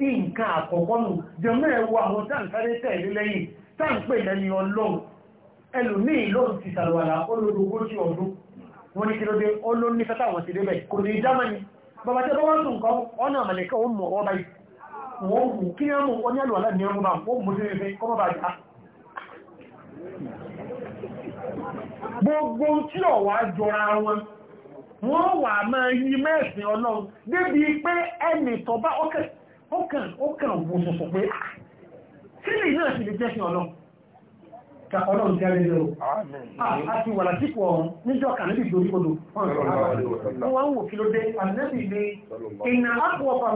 nǹkan àkọ́kọ́nù jẹmọ́ ẹwọ àwọn táǹkáré tẹ̀lé lẹ́yìn táǹpẹ̀ lẹ́ni ọlọ́run ẹlòmí ìlọ́run ti sàrọ̀wàlà olóògójì ọdún wọ́n ní kílódé olóòrùn ní fẹ́ta àwọn ti débẹ̀ kò ní jámánì bàbá tẹ́ bá wọ́n tún kan ọ̀nà àmàlẹ́kẹ́ ó mọ̀ ọba wọ́n mú kí ní ọmọ oní àlùwàlà ní ọmọ bá wọ́n mú sí ẹgbẹ́ kọ́mọ́ bá já gbogbo tí ọ̀wà jọra wọn wọ́n wà máa yí mẹ́sìn ọlọ́run débi pé ẹnì tọ́bá ọkẹ̀sì ó kàn ó kàn wo sọ̀sọ̀ pé sílè ah, náà sì lè jẹ́ sí ọlọ́ ka ọlọ́run jẹ́ rẹ̀ lọ àti wà látìkù ọ̀run níjọ́ kà níbi ìgbòrí odò wọ́n wò kí ló dé ànẹ́bì lè ìnà àpòọ̀pà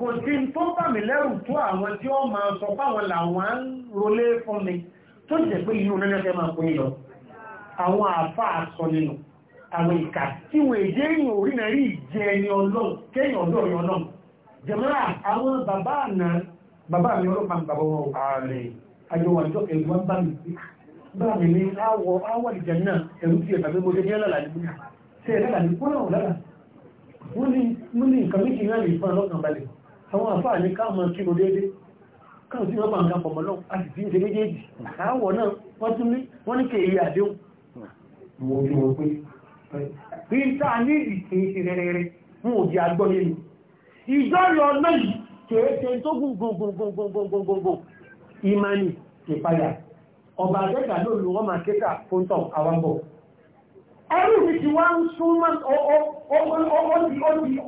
kò tí tó bá mi lẹ́rù tó àwọn tí ó máa sọ fáwọn làwọn rolé fún mi tó jẹ́ pé inú nẹ́nẹ́fẹ́ máa pín lọ àwọn àfá àsọ nínú àwọn ìkà tí wọ́n èdè èyàn orínàrí ìjẹ ẹni ọlọ́run kéyàn ọdọ́ ọ̀yọ́ náà jẹmọ́ra àwọn bàbá àná bàbá mi ọlọ́pàá bàbá wọn ààrẹ àjọwàjọ́ ẹ̀rù wá bá mi sí bá mi ní àwọ̀ àwọ̀ ìjẹ̀ náà ẹ̀rù tí ẹ̀bà mímọ́ jẹ́ lọ́la ní ṣe ẹ̀lẹ́là ní kúrò lọ́la wọ́n ní nǹkan méjì náà lè fún ọlọ́kàn balẹ̀ àwọn àfáà ní káàmọ̀ kí mo déédéé káàmọ̀ sí wọ́n bá ń a sì ti ń ṣe méjèèjì àwọ̀ náà wọ́n tún ní wọ́n ní kèèyàn àdéhùn ìwọ̀n fi wọn pé bí i tá a ní ìkè ṣe rẹ̀rẹ̀rẹ̀ fún òjì agbọ́yé ni ìjọ́rì ọ̀nà yìí kèé ṣe tó gùngbùngbùngbùngbùngbùngbùngbùngbùn ìmánì ìpayà ọba akẹ́kà ló lù wọ́n máa kéka fún tọ̀ àwọn bọ̀ ẹrù mi ti wá ń súnmọ́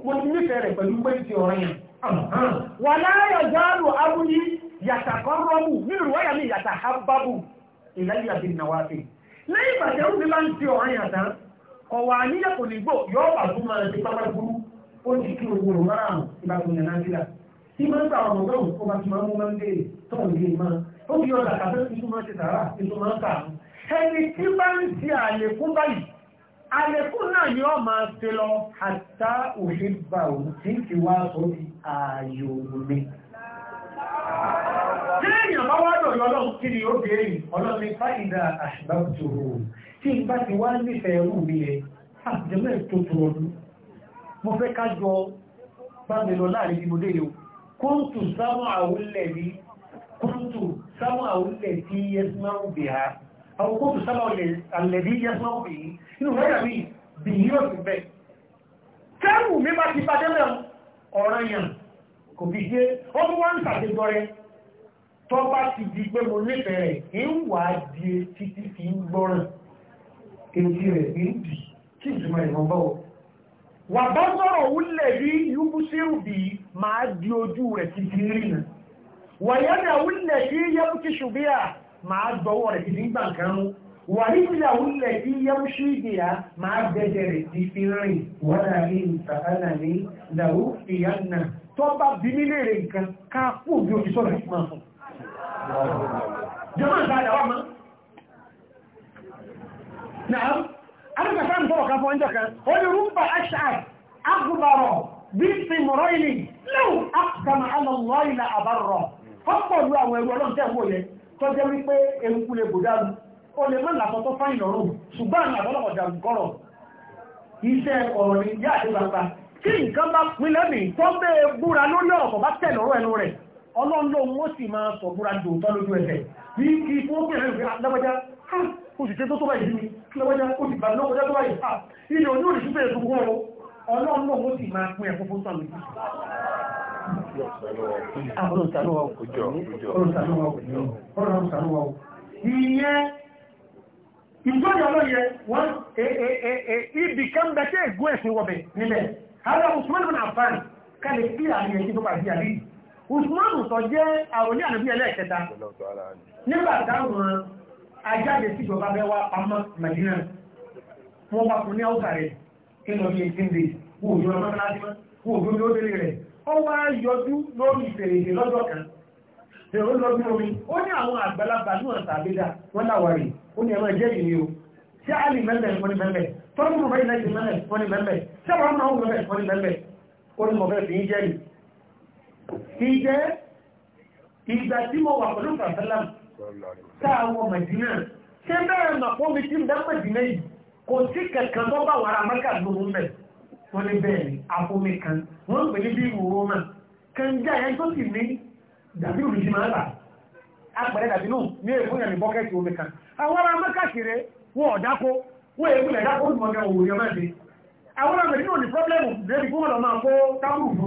ó ti nífẹ̀ẹ́ rẹ̀ pẹ̀lú pé ti ọ̀rọ̀ yẹn wà láyọ̀ jáàlù abúlé yàtàkọ́rọ́bù nínú wáyà mi yàtà hábábù ìlàlíyàbí nàwáfẹ́ lẹ́yìn ìgbàjẹ́ òun ní bá ń ti ọ̀rọ̀ yàn tán ọ̀wà níyà kò ní gbò yọ́ bà tó máa ti pápá burú ó ti kí owó rò márà mù ìgbà tó yàn nàìjíríà tí máa ń gbà ọ̀rọ̀ náà kó bá ti máa mú máa ń dé tọ́wọ̀n lè máa ó fi ọjà kàfẹ́ tó máa ti sàrà ètò máa ń kà á ẹni tí bá ń ti àlékún báyìí àlékún náà ni ó máa ṣe lọ àtà òṣèlú bá òun tí ń fi wá sórí ààyò mi téèyàn bá wá dọ̀yọ́ tí n bá ti wá nífẹ̀ẹ́ rú mi yẹn àjẹmọ́ ètò tó ọdún mo fẹ́ ká jọ bá mi lọ láàrin ibi dé o kóńtù sámú àwúlẹ̀ ní àwúlẹ̀ tí yẹsùmáwù bì á àwọn àwúlẹ̀ tí yẹsùmáwù bì í inú wáyà mi bì í tó bá ti di pé mo nífẹ̀ẹ́ rẹ̀ ń wà á di etí tí fi ń gbọ́ràn etí rẹ̀ ní ìdí kí ìjùmọ̀ ìwọ̀n bọ́ ọ. wà bá sọ̀rọ̀ wúlẹ̀ rí yúbú sírù bí máa di ojú rẹ̀ ti fi rí nà wà yẹ́nà wúlẹ̀ rí yẹ́mú kí ṣùgbíà máa gbọ́wọ́ rẹ̀ ti fi ń mú wà rí ìlà wúlẹ̀ rí yẹ́mú sí ìdíyà máa gbẹ́jẹ̀ rẹ̀ ti fi rìn wọ́n náà ní ìtàkánà ní làwú ìyá náà tó bá bí nílé rẹ̀ nǹkan ká fún òbí òbí sọ̀rọ̀ ìpamọ́ jama'a ta da wama na'am an ka samu kawo kafin wanda kan wani rumba ash'ar agbaro bíi mọ̀rọ̀ìlì lẹ́wù àkàmà alọ́lọ́ì na àbárọ̀ ọpọ̀lú àwọn ẹrù ọlọ́run tẹ́wọ́ yẹ tó jẹ́ wípé eruku lè bò dáru o lè mọ́ làtọ́ tó fáyìn lọ́rùn ṣùgbọ́n àbọ́lọ́pọ̀ dàrúgọ́rọ̀ iṣẹ́ ọ̀rọ̀ ni yá àti bàbá kí nǹkan bá pin lẹ́mìí tó bẹ́ẹ̀ búra lórí ọ̀pọ̀ bá tẹ̀ lọ́rọ̀ ẹnu rẹ̀ ọlọ́run ó sì máa sọ búra jò tọ́ lójú ẹsẹ̀ bí kí fún ó bèèrè rẹ̀ lọ́wọ́já ó sì ṣe tó tó báyìí bí lọ́wọ́já ó sì bá lọ́wọ́já tó báyìí ha ah, ilé òní òní ṣúgbẹ́ ètò gbogbo ọ̀rọ̀ ọlọ́run ó sì máa pín ẹ̀kọ́ fún sọ̀rọ̀ ìjọ́jọ́ ọlọ́yẹ wọ́n e, e, e, ibi kan bẹ́tẹ̀ ẹ̀gbọ́ ẹ̀sìn wọ̀bẹ̀ nílẹ̀ ara Usman bin Affan kalẹ̀ bí àmì ẹ̀kí tó bá bí àlè yìí Usmanu tó jẹ́ àwòlé ànàbí ẹlẹ́ẹ̀kẹta nígbà táwọn ajáde sí ìjọba bẹ́ wá pamọ́ Madina wọ́n wá fún ní ọ̀sà rẹ̀ kí lọ bí 18 days kú òjò ọmọ láti mọ́ kú òjò ní ó délé rẹ̀ ó wá yọjú lórí ìfèrèsè lọ́jọ́ kan èrò lọ́dún omi ó ní àwọn àgbàlagbà ní ọ̀sà àbídà wọ́n láwàrí ó ní ẹ̀mọ́ ìjẹ́ ìní o ìjẹ́ ìgbà tí mo wà pẹ̀lú fàtàlám táàwọ̀ mẹ̀dínà ṣé bẹ́ẹ̀ mà fún mi tí ń bẹ́ mẹ̀dínà yìí kò sí kẹ̀kẹ́ tó bá wàrà mẹ́kà lóhun mẹ́ wọ́n ní bẹ́ẹ̀ ni àfomi kan wọ́n pè ní bí tó sì ní dàbí máa bà dàbí nù ní ní bọ́kẹ́tì omi kan àwọn ará mẹ́kà kéré wọ́n ọ̀dákó wọ́n dákó ó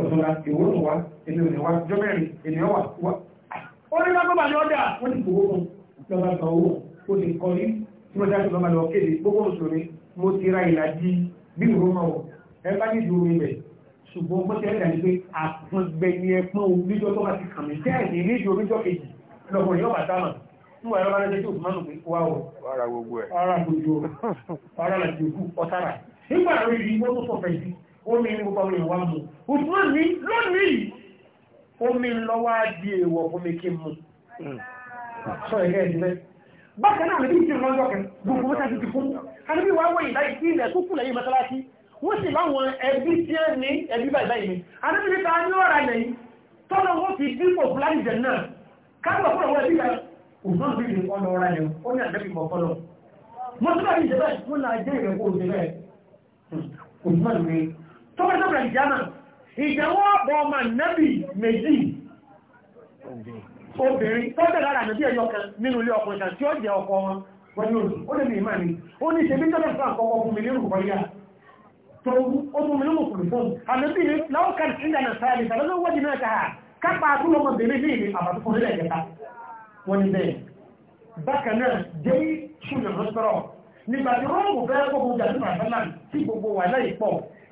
ọ̀tọ̀lá ìwò ń wá èmi ò ní wá jọ́mẹ́rin ènìyàn wà wá. ó ní bá gbọ́dọ̀ yọ̀dà wọ́n ti gbowó kan lọ́ba gba owó ó ti kọ́ ní tí wọ́n dájú lọ́ba lọ kéde gbogbo mùsùlùmí mo ti ra ìlàjì bí ìró máa wọ̀ ẹ bá ní ìdúró mi bẹ̀ ṣùgbọ́n mo ti rẹ̀ dàní pé àpọ̀ngbẹ̀ni o oníjọ́ tó bá ti kàn mí bẹ́ẹ̀ ní ní ìdúró níjọ́ kejì lọ́kùnrin yóò bá dámà nígbà yọ̀ọ́ bá rẹ̀ jẹ́ tí òfin máa nù pé wá o ara gbogbo ara gbogbo ara làjòkú ọ̀tára nígbà yọ̀ọ́ ibi wọ́n tó sọ fẹ̀yìntì omi ní gbogbo àwọn èèyàn wá mú Usman ní lónìí omi lọ́wọ́ di èèwọ̀ fún mi kí mú hmm. sọ ẹ̀gẹ́ ẹ̀dìmẹ́ bákan náà níbi ìjìn lọ́jọ́ kan gbogbo mọ́ta ti ti fún anábí wá wọ́yìn láì sí ilẹ̀ tó kù lẹ́yìn mọ́sálásí wọ́n sì láwọn ẹbí tí ẹ ní ẹbí báyìí ni anábí níta ní ọ̀rà nẹ̀yìn tọ́lọ wọ́n fi dípò fúlàní jẹ náà káàkiri fún àwọn ẹbí kan òṣùwọ́n fi ní ọ̀nà ọ̀rà nẹ̀yìn ó ní àdẹ́bí mọ̀ fọ́lọ́ mọ́sálásí ìjẹ́bẹ̀ tó bá sọ́bẹ̀rẹ̀ ìjánà ìjẹ̀wọ́ ọ̀bọ̀ ọmọ nẹ́bì méjì obìnrin tó bẹ̀ lára nẹ́bì ẹ̀yọ kan nínú ilé ọkùnrin kan tí ó jẹ ọkọ wọn wọ́n ó lè mìíràn ní ó ní ṣe bí tọ́lẹ̀ fún àkọ́kọ́ fún mi nínú kọ̀ọ̀yà tó ó mú mi nínú kùrù fún àmì láwọn kan sí ìjànà sáàlì tàbí ló wọ́n jìnà káà kápá àtúlọ ọmọ bèbè ní ìlú àbàtú fún ilẹ̀ ìjẹta wọ́n ní bẹ́ẹ̀ bákan náà jẹ́ ṣùgbọ́n sọ́rọ̀ nígbà tí rọ́ọ̀mù fẹ́ gbogbo jàdúrà sálàm tí gbogbo wà láì pọ̀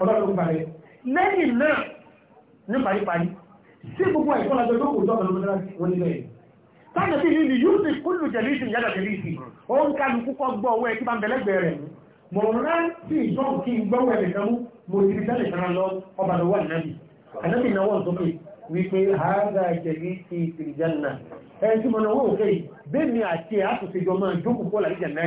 ọlọ́run gbà rẹ̀ lẹ́yìn náà ní paríparí sí gbogbo ẹ̀kọ́ lájọ lókò tó ọ̀nà mọ́tàlá wọn nílẹ̀ yìí sáànà sí ìlú yóò sì kúlù jẹ̀lì ìsìn yàtọ̀ jẹ̀lì ìsìn ó ń kálu kúkọ́ gbọ́ ọwọ́ ẹ̀kí bá ń bẹ̀lẹ́gbẹ̀ rẹ̀ mọ̀ ńlá sí ìjọ kí n gbọ́wọ́ ẹ̀rẹ̀ kan mo ti tẹ́lẹ̀ kan lọ ọba lọ wà nàbì ànábì náwó sókè wípé àádá jẹ̀lì ti ìjànà ẹni tí mo náwó òkè bẹ́ẹ̀ ni àti àtúnṣe jọ máa jókòó pọ̀ làbíjà náà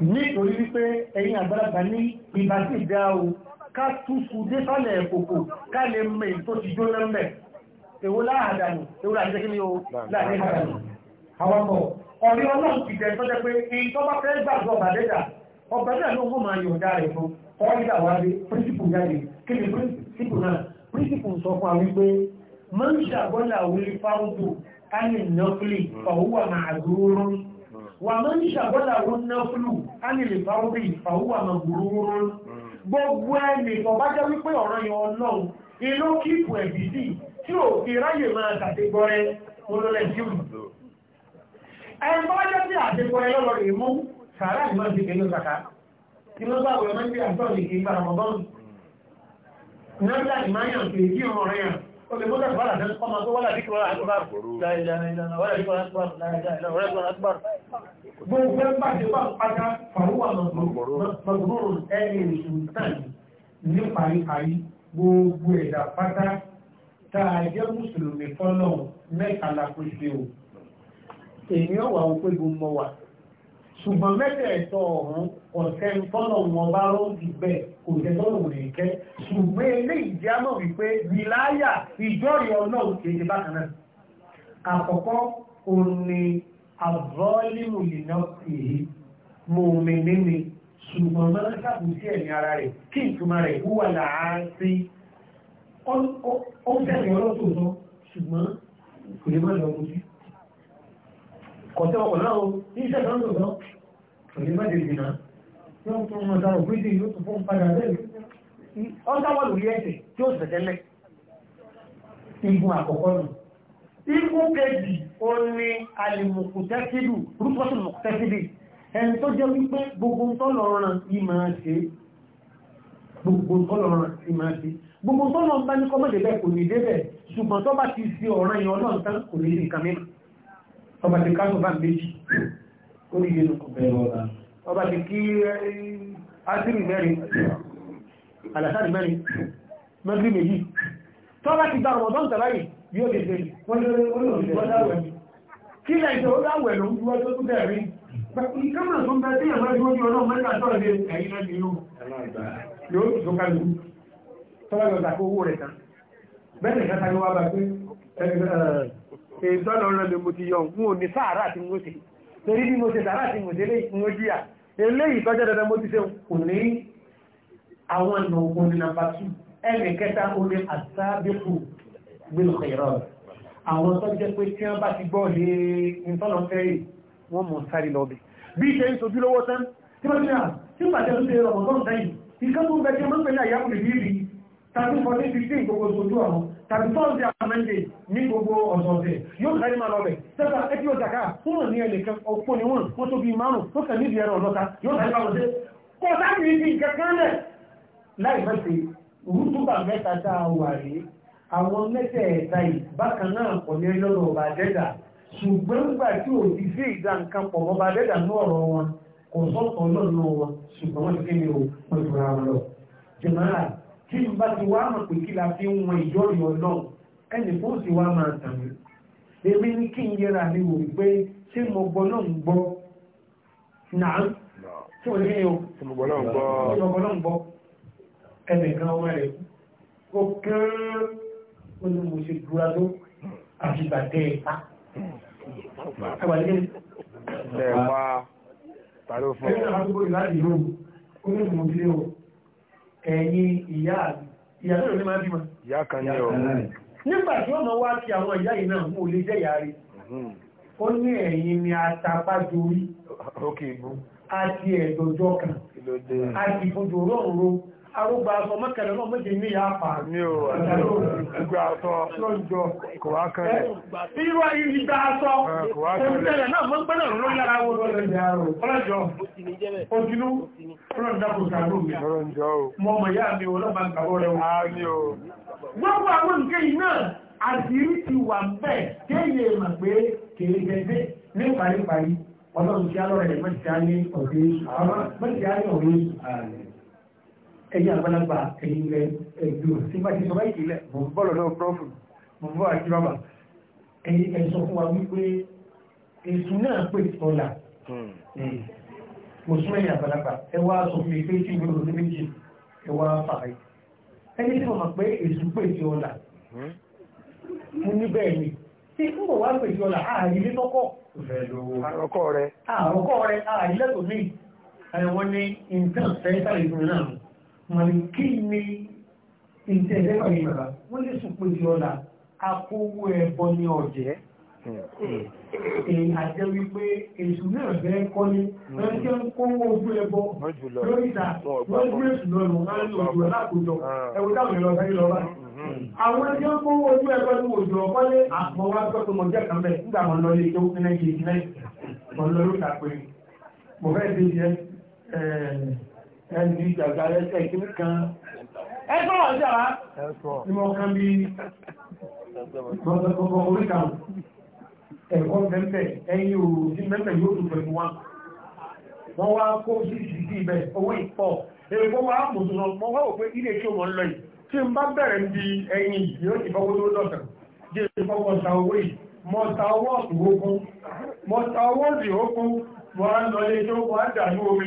nítorí wípé ẹ̀yin àgbàlagbà ní ìbá sí ìdá o ká túsù dé sálẹ̀ ẹ̀kòkò ká lè mẹ́ tó ti jó lẹ́mẹ̀ èwo láàdánù èwo láàdánù láàdánù àwọn ọmọ ọ̀rí ọlọ́run ti jẹ́ tọ́jẹ́ pé èyí tó bá fẹ́ gbàgbọ́ bàdẹ́dà ọgbà náà ló wọ́n máa yọ̀ǹda rẹ̀ fún ọ́rídà wá dé píríncípù jáde kí ni wà mọ́ ní ṣàbọ́là wọn náà fúlù á ní lè fáwọ́ bí ìfàwọ́ àmà gbòrúurú gbogbo ẹni tó bá jẹ́ wípé ọ̀ràn yẹn ọlọ́run inú kíkù ẹ̀bí tí ò fi ráyè máa tàtẹ́gbọ́rẹ́ olólẹ̀ ولمدة فرع تلقم ولا ذكر أكبر لا إله إلا الله ولا ذكر أكبر لا إله إلا الله ولا ذكر أكبر بوكل بعد بعد فهو مضرور أي سلطان níparí parí gbogbo ẹ̀dà pátá táa jẹ́ mùsùlùmí fọ́lọ́hùn mẹ́ta la kó ṣe o èyí ọ̀wà òpégun mọ́ wà ṣùgbọ́n mẹ́tẹ̀ẹ̀tọ̀ ọ̀hún ọ̀sẹ̀ tọ́lọ̀ wọn bá rọ́ọ̀dì bẹ́ẹ̀ kò jẹ́ tọ́lọ̀ wọn èké ṣùgbọ́n ilé ìjámọ̀ wípé wìláyà ìjọ́rìí ọlọ́run kéde bákan náà àkọ́kọ́ òun ni àbọ́límù ìná èyí mòmí nínú ṣùgbọ́n mọ́lá ṣàkóso ẹ̀mí ara rẹ̀ kí ìtumọ̀ rẹ̀ wúwà láàárín ó fẹ́rẹ̀ ọlọ́tòótọ́ ṣùgbọ́n kò lè má lọ òní má dé dìnnà tí wọ́n tún wọn dáhùn gbédè yóò tún fún padà bẹ́ẹ̀ ọ́dá wà lórí ẹ̀sẹ̀ tí ó sẹ̀tẹ́lẹ̀ igun àkọ́kọ́ nù igun kejì ó ní alìmùkùtẹ́sílù rúpọ́sùn mùkùtẹ́sílì ẹni tó jẹ́ wípé gbogbo tọ́lọ̀ràn ìmọ̀ ṣe gbogbo tọ́lọ̀ràn ìmọ̀ ṣe gbogbo tọ́lọ̀ràn bá ní kọ́mọ̀dé bẹ́ẹ̀ kò ní débẹ̀ ṣùgbọ́n tó bá ti ṣe ọ̀ràn yẹn ọlọ́run tán kò ní nǹkan mìíràn tó bá ti ká kó ní yínú kò bẹ̀rẹ̀ ọ̀la ọba ti kí ásírì mẹ́rin alàsáàdì mẹ́rin mẹ́rin méjì tó bá ti gba ọmọdún tàbáyì yóò gẹ̀ẹ́gẹ́ wọ́n lórí orílẹ̀-èdè wọ́n dáwẹ̀ kí lẹ́jọ́ ó dáwẹ̀ ló ń dúró tó tún bẹ̀rẹ̀ ìkámọ̀nà tó ń bẹ tí ẹ̀mọ́ ìwọ́n ní ọlọ́run mẹ́ta tọ́rọ ní ẹ̀yìn náà nínú yóò tó kálù tọ́lá lọ dàkó owó rẹ̀ kan bẹ́ẹ̀ ìkẹta ni wá bá pé ẹ̀ẹ́dọ́lọ́rọ̀ lè mo ti yọ òun ò ní sáàrà àti mú sí torí bí mo ṣe dára sí mo délé mo jíyà eléyìí tọ́jọ́ dandan mo ti ṣe kò ní àwọn ọ̀nà òkun ní nàmbà tù ẹnì kẹta omi àtàbíkù gbẹ̀lú kẹrọ àwọn tọ́jọ́ pé tí wọ́n bá ti gbọ́ lé ìtọ́nà fẹ́rì wọ́n mọ̀ sáré lọ́bì bí ṣe ń sojú lówó tán tí wọ́n ti rà tí wọ́n bàjẹ́ tó tàbí tọ́ọ̀sì àmẹ́lẹ̀ ní gbogbo ọ̀sọ̀ọ̀sẹ̀ yóò kàrí máa lọ bẹ̀ tẹ́ta ẹkí ó zaka fún wọn ní ẹlẹ́kẹ́ ọ̀pọ̀ ni wọ́n wọ́n tó bí márùn tó kẹ̀ níbi ẹ̀rọ ọ̀lọ́ta yóò kàrí máa lọ sí kọ́ sáàbì ibi kankan lẹ̀ láì mẹ́sẹ̀ rútúbà mẹ́ta tá a wà rí àwọn mẹ́tẹ̀ẹ̀ta yìí bákan náà kọ̀ ní lọ́dọ̀ ọba dẹ́dà ṣùgbọ́n gbà tí ò ti sí ìdá nǹkan pọ̀ ọba dẹ́dà ní ọ̀rọ̀ wọn kò sọ́kọ̀ ọlọ́run wọn ṣùgbọ́n tí n bá ti wá mọ̀ pé kí la fi ń wọn ìjọ ìyọ̀ náà ẹnì fún òsì wa máa tàn mí èmi ní kí n yẹra mi wò pé ṣé mo gbọ́ náà ń gbọ́ náà tí mo ní o tí mo gbọ́ náà ń gbọ́ ẹnìkan ọmọ rẹ̀ ó kéré ó ní mo ṣe dúra tó àti ìbàtẹ́ ìta ẹ̀wà tàbí fún ẹ̀yìn àwọn àdúgbò ìlàdìí lóru ó ní mo ti lé o. ẹ̀yin ìyá ìyá lórí ní máa bímọ ìyá kan ní ọ̀ nígbà tí ọmọ wá kí àwọn ìyá yìí náà jẹ́ ìyá mhm. ó ní ẹ̀yin ni atapájorí àti ẹ̀dọ̀jọ́ kan àti ìfòjòrò ọ̀rọ̀ arúgbà aṣọ mọ́kẹ̀lẹ̀ náà méjì ní ìyá àpà ní o ìgbà aṣọ lọ́jọ́ kò wá kan ah, rẹ̀ irú ìgbà aṣọ òṣèlẹ̀ náà mọ́ gbẹ́nà ló yára wo ọlọ́jọ́ ojúlú ọlọ́jọ́ Àdìrí ti wà bẹ́ẹ̀ kéèyè mà pé kèrè gẹ̀ẹ́gẹ́ ní paríparí, ọlọ́run tí á lọ́rẹ̀ mẹ́sì á ní ọ̀rẹ́ ẹ̀yìn àgbàlagbà ẹ̀yìn rẹ̀ ẹ̀dùn sí bá ti sọ báyìí ilẹ̀ mọ̀ ń bọ́lọ̀ lọ́wọ́ prọ́fù mọ̀ ń bọ́ àti bàbà ẹ̀yìn ẹ̀sọ fún wa wípé èsù náà pè ọ̀là hmm. Hmm. mo sún ẹ̀yìn àgbàlagbà ẹ wá sọ fún mi pé tí ìwé òní méjì ẹ wá fà á ẹni tí mo mọ̀ pé èsù pè sí ọ̀là hmm. mo ní bẹ́ẹ̀ ni tí n kò wá pè sí ọ̀là ààyè lé tọ́kọ̀ àròkọ rẹ̀ ààyè lẹ́tọ̀ọ́ mi àyẹ̀wò ní nǹkan fẹ́ sáré ìfún náà mọ̀lìkí ni ìtẹ̀lẹ́ ìrìnà wọ́n lè sùn pé yọ́la akówó ẹbọ ní ọ̀jẹ́ àjẹ́ wípé èṣù náà bẹ́ẹ̀ kọ́ ní ẹjẹ́ ń kówó ojú ẹbọ lóríta wọ́n gbé èṣù lọ́nà máa ń lò jù lákòjọ ah. ẹwù táwọn ìlọ sáyé lọ bá mm-hmm. àwọn ẹjẹ́ ń ojú ẹbọ ní òjò ọ̀kọ́lé àpọ̀ kan bẹ̀ nígbà ẹni ìjàgbà ẹ̀kì kan ẹgbọ́ ọjọ́ wá ní mọ́ kan bí ọgbọ̀gbọ̀ orí kan ẹ̀kọ́ mẹ́fẹ̀ ẹ̀yìn òòrùn sí mẹ́fẹ̀ yóò tún pẹ̀lú wá wọ́n wá kó sí ìsìnkú ibẹ̀ owó ìpọ̀ èèkó wá mùsùlùmọ́ mọ́ wá òpé ilé tí ó mọ́ lọ yìí tí n bá bẹ̀rẹ̀ bí ẹ̀yìn yóò ti fọwọ́ tó lọ́sàn jẹ́ ìfọwọ́ sa owó yìí mọ́ ta ọwọ́ òkun mọ́ ta ọwọ́ òsì òkun á lọ ilé tí ó wọ́n dà ní omi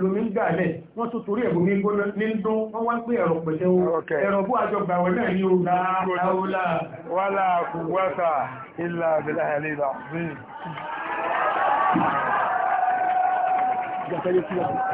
lomi ń gbà lẹ̀ wọ́n tún torí ẹ̀bùn mi gbóná ní ń dún wọ́n wá ń pè ẹ̀rọ pẹ̀tẹ́ o ẹ̀rọ bó àjọ gbàwẹ̀ náà ní o